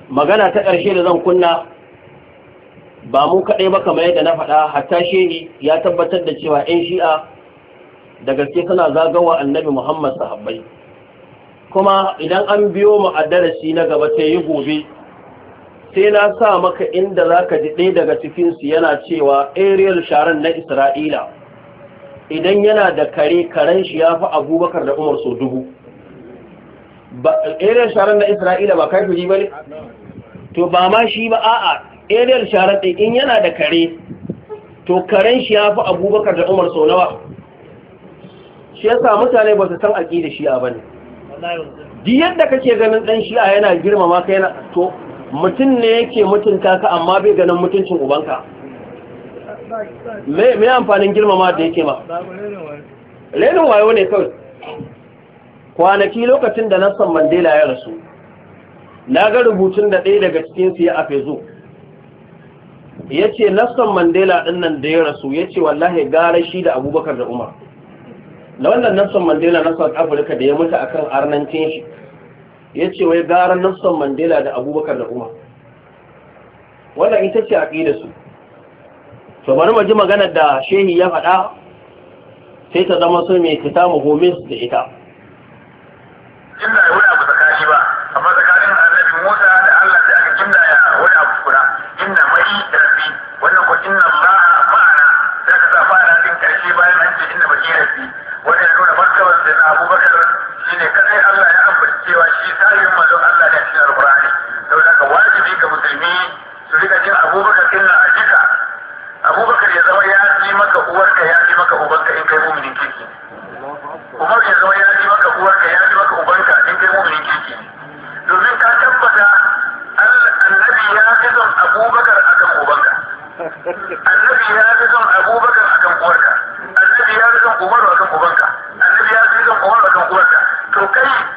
magana ta ƙarshe da zan kunna ba mu kaɗai ba kamar yadda na faɗa hatta shehi ya tabbatar da cewa 'yan shi'a da gaske suna zagawa annabi muhammad sahabbai kuma idan an biyo mu a darasi na gaba ta yi gobe sai na sa maka inda za ka ji ɗaya daga cikinsu yana cewa ariel sharon na isra'ila idan yana da kare karen shi ya fi abubakar da umar so dubu ariel sharon na isra'ila ba kai ba ne to ba ma shi ba a'a ariel sharaɗe in yana da kare to karen shi ya fi abubakar da umar sau nawa shi yasa mutane ba su san aƙi da shi'a ba ne duk yadda kake ganin ɗan shi'a yana girmama kai yana to mutum ne yake mutunta ka amma bai ganin mutuncin ubanka me amfanin girmama da yake ma lenin wayo ne kawai kwanaki lokacin da san mandela ya rasu na ga rubutun da ɗaya daga cikinsu ya a facebook ya ce nassan mandela ɗin nan da ya rasu ya ce wallahi gara shi da abubakar da umar da wannan nassan mandela na south africa da ya mutu akan arnancin shi ya ce wai gara nassan mandela da abubakar da umar wannan ita ce da su to bari mu ji magana da shehi ya faɗa sai ta zama su mai kita muhimmin da ita bayhaqi wanda nuna martaban da Abu Bakar shine kadai Allah ya ambaci cewa shi tayin manzon Allah ne a cikin Al-Qur'ani don haka wajibi ga musulmi su rika jin Abu Bakar din a jika Abu Bakar ya zama ya ji maka uwarka ya ji maka ubanka in kai mu'minin kiki, Umar ya zama ya ji maka uwarka ya ji maka ubanka in kai mu'minin kiki. domin ka tabbata annabi ya fi son abubakar akan ubanka annabi ya fi son abubakar kan umaru akan ubanka annabi ya fi kan umaru akan ubanka to kai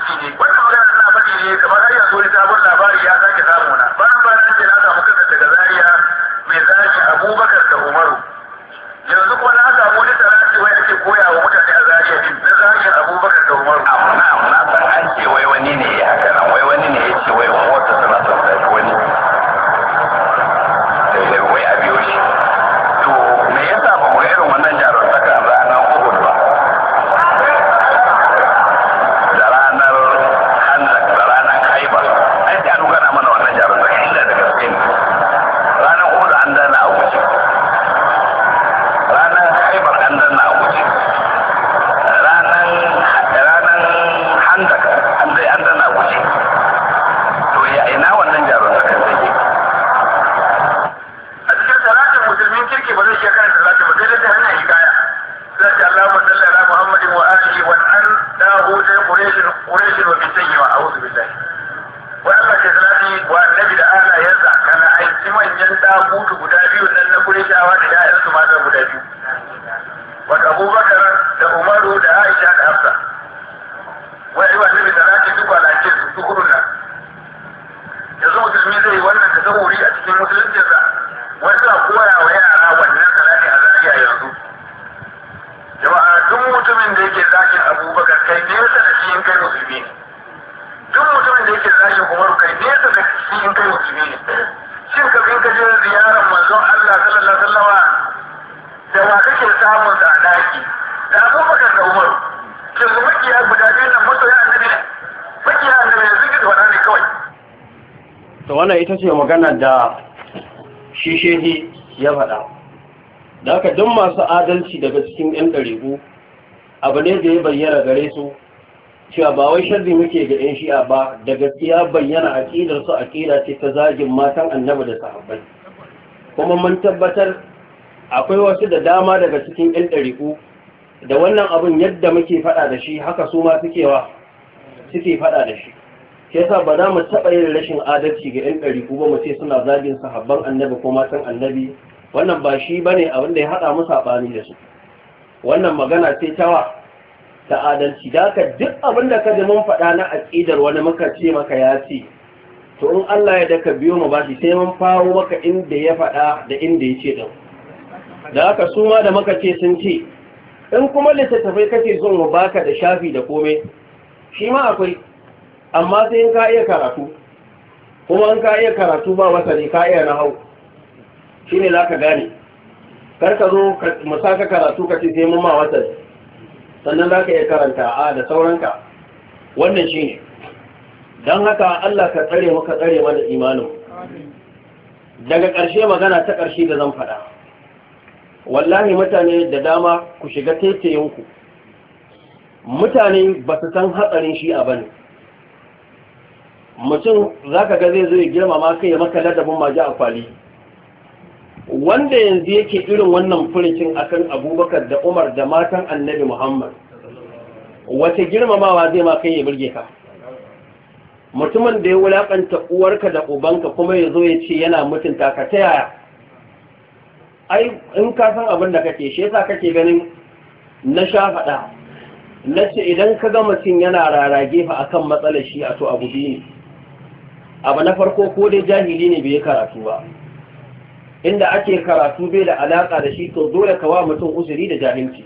musulunci ne wannan magana na faɗi ne kamar har yanzu wani sabon labari ya ita ce magana da shi ya faɗa da aka don masu adalci daga cikin 'yan ɗarigu abu ne da ya bayyana gare su cewa ba wai sharri muke ga 'yan shi'a ba da gaskiya bayyana a ƙidarsu su aƙida ce ta zagin matan annabi da sahabbai kuma mun tabbatar akwai wasu da dama daga cikin 'yan ɗarigu da wannan abin yadda muke faɗa da shi haka su ma suke wa suke faɗa da shi ke sa ba za mu taɓa yin rashin adalci ga 'yan ɗari ba mu ce suna zagin sahabban annabi ko matan annabi wannan ba shi ba ne abin ya haɗa mu saɓani da su wannan magana ce tawa ta adalci da ka duk abin da ka ji mun faɗa na aƙidar wani muka ce maka ya ce to in Allah ya daka biyo mu bashi sai mun fawo maka inda ya faɗa da inda ya ce ɗin da haka su da muka ce sun ce in kuma littattafai kake zo mu baka da shafi da komai shi ma akwai amma sai in ka iya karatu kuma in ka iya karatu ba ne ka iya na hau shi gane kar ka zo musaka karatu ka ce sai mun ma wasani sannan ka iya karanta a da sauranka wannan shi ne. Don haka Allah ka tsare maka tsare mana imanin daga ƙarshe magana ta ƙarshe da zan faɗa wallahi mutane da dama ku shiga taitayinku mutane ba su san hatsarin shi a bane mutum za ka ga zai zo ya girmama kai ya maka ladabin maji a kwali wanda yanzu yake irin wannan firincin akan abubakar da umar da matan annabi muhammad wace girmamawa zai ma kai ya birge ka mutumin da ya wulakanta uwarka da ubanka kuma ya zo ya ce yana mutunta ka ta yaya ai in ka san abin da kake shi yasa kake ganin na sha faɗa na ce idan ka ga mutum yana rarage fa akan matsalar shi a to abu biyu ne abu na farko ko dai jahili ne bai karatu ba inda ake karatu bai da alaka da shi to dole ka wa mutum uzuri da jahilci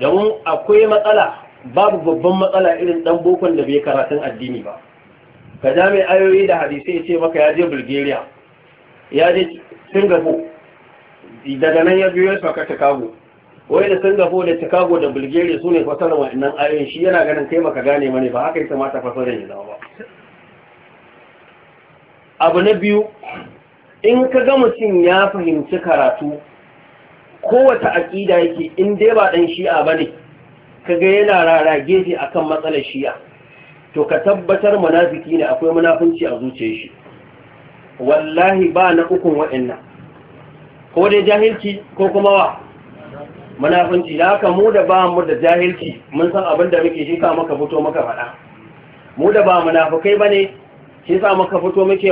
domin akwai matsala babu babban matsala irin dan bokon da bai karatun addini ba ka ja mai ayoyi da hadisi ya ce maka ya je bulgaria ya je singapore daga nan ya biyo ya saka chicago wai da singapore da chicago da bulgaria su ne fasarar wa'annan ayoyin shi yana ganin kai maka gane mane ba haka ya kamata fasarar ya zama ba abu na biyu in ka ga mutum ya fahimci karatu kowace aƙida yake in dai ba ɗan shi'a ba ne ka ga yana rara gefe a kan matsalar shi'a to ka tabbatar munafiki ne akwai munafunci a zuciyar shi wallahi ba na ukun wa'annan ko dai jahilci ko kuma wa munafunci da haka mu da ba mu da jahilci mun san abin da muke shi ka maka fito maka faɗa mu da ba munafukai ba ne. shi yasa muka fito muke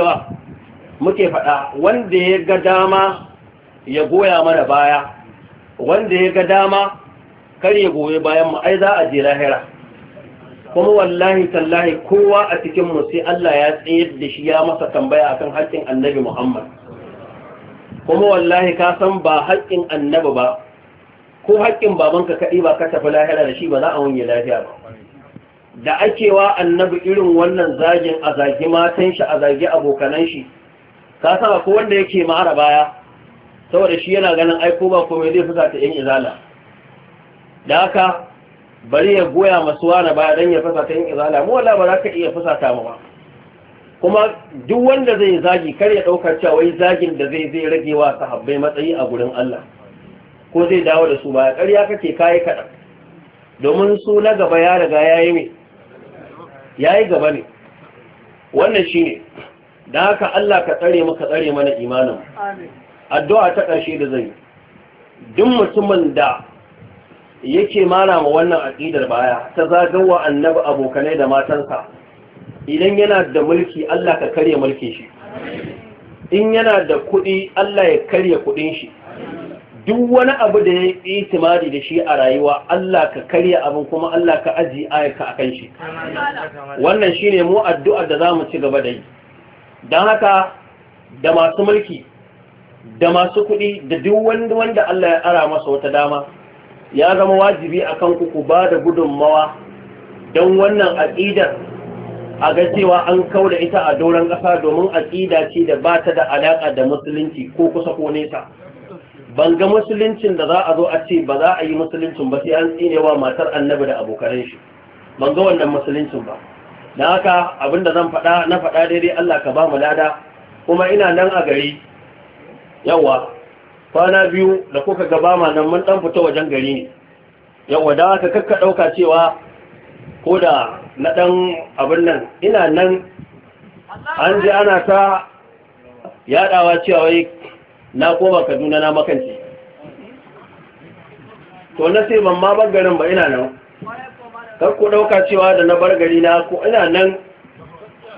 muke faɗa wanda ya ga dama ya goya mana baya wanda ya ga dama kar ya goye bayan mu ai za a je lahira kuma wallahi tallahi kowa a cikin mu sai Allah ya tsayar da shi ya masa tambaya akan haƙƙin Annabi Muhammad kuma wallahi ka san ba haƙƙin Annabi ba ko haƙƙin babanka kaɗai ba ka tafi lahira da shi ba za a wunye lafiya ba da akewa annabi irin wannan zagin a zagi matan shi a zagi abokanan shi ka sa ko wanda yake mara baya saboda shi yana ganin aiko ba komai zai fasa ta yan izala da haka bari ya goya masu wani baya dan ya fasa ta yan izala mu wala ba za ka iya fasa ta ba kuma duk wanda zai zagi kar ya ɗaukar cewa wai zagin da zai zai rage wa sahabbai matsayi a gurin Allah ko zai dawo da su baya ƙarya kake kai kaɗan domin su na gaba ya riga ya yi mai Ya yi gaba ne wannan shi ne. da haka Allah ka tsare maka tsare mana imanin addu'a ta ƙarshe da zai duk mutumin da yake mara ma wannan aƙidar baya ta zagawa annabi abokanai da matansa idan yana da mulki Allah ka karya mulki shi in yana da kuɗi Allah ya karya kuɗin shi duk wani abu da ya yi itimadi da shi a rayuwa Allah ka karya abin kuma Allah ka aji ayaka a kan shi wannan shi ne mu addu'ar da za mu ci gaba da yi don haka da masu mulki da masu kuɗi da duk wanda wanda Allah ya ara masa wata dama ya zama wajibi a kan ku ba da gudunmawa don wannan aƙidar a ga cewa an kau da ita a doron ƙasa domin aƙida ce da ba ta da alaƙa da musulunci ko kusa ko nesa ban ga musuluncin da za a zo a ce ba za a yi musuluncin ba sai an tsine wa matar annabi da abokanan shi ban ga wannan musuluncin ba na haka da zan faɗa na faɗa daidai Allah ka ba mu lada kuma ina nan a gari yawa kwana biyu da kuka gaba ma nan mun dan fita wajen gari ne yawa da haka kakka ɗauka cewa ko da na ɗan abin nan ina nan an ji ana ta yaɗawa cewa na koma kaduna na makance to na sai ban ma bar garin ba ina nan kar ku ɗauka cewa da na bar gari na ko ina nan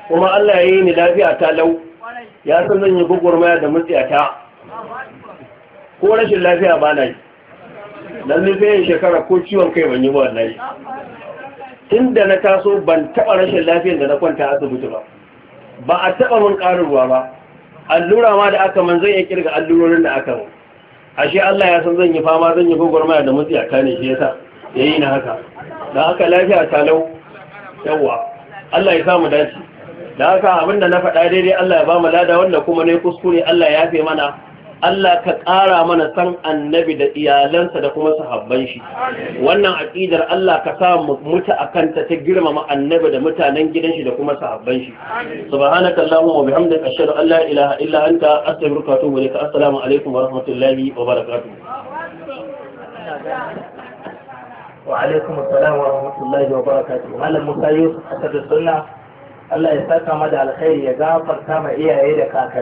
kuma Allah ya yi ni lafiya ta lau ya san zan yi gugurmaya da ta ko rashin lafiya ba na yi dan nufe yin shekara ko ciwon kai ban yi ba yi tun da na taso ban taɓa rashin lafiyar da na kwanta asibiti ba ba a taɓa mun ƙarin ruwa ba allura ma da aka man zai iya kirga allurorin da aka mu ashe Allah ya san zan yi fama zan yi gogormaya da mutsi a kane shi yasa yayi na haka dan haka lafiya talau yawa Allah ya samu dace dan haka abinda na faɗa daidai Allah ya ba mu lada wanda kuma ne kuskure Allah ya yafe mana Allah ka ƙara mana san annabi da iyalansa da kuma sahabban shi wannan aƙidar Allah ka sa mutu a kanta ta girmama annabi da mutanen gidan shi da kuma sahabban shi subhanaka allahumma wa bihamdika ashhadu an la ilaha illa anta astaghfiruka wa atubu ilaik assalamu alaikum wa rahmatullahi wa barakatuh wa alaikum assalam wa rahmatullahi wa barakatuh malam musa yusuf asadu sunna Allah ya saka ma da alkhairi ya gafarta ma iyaye da kakanni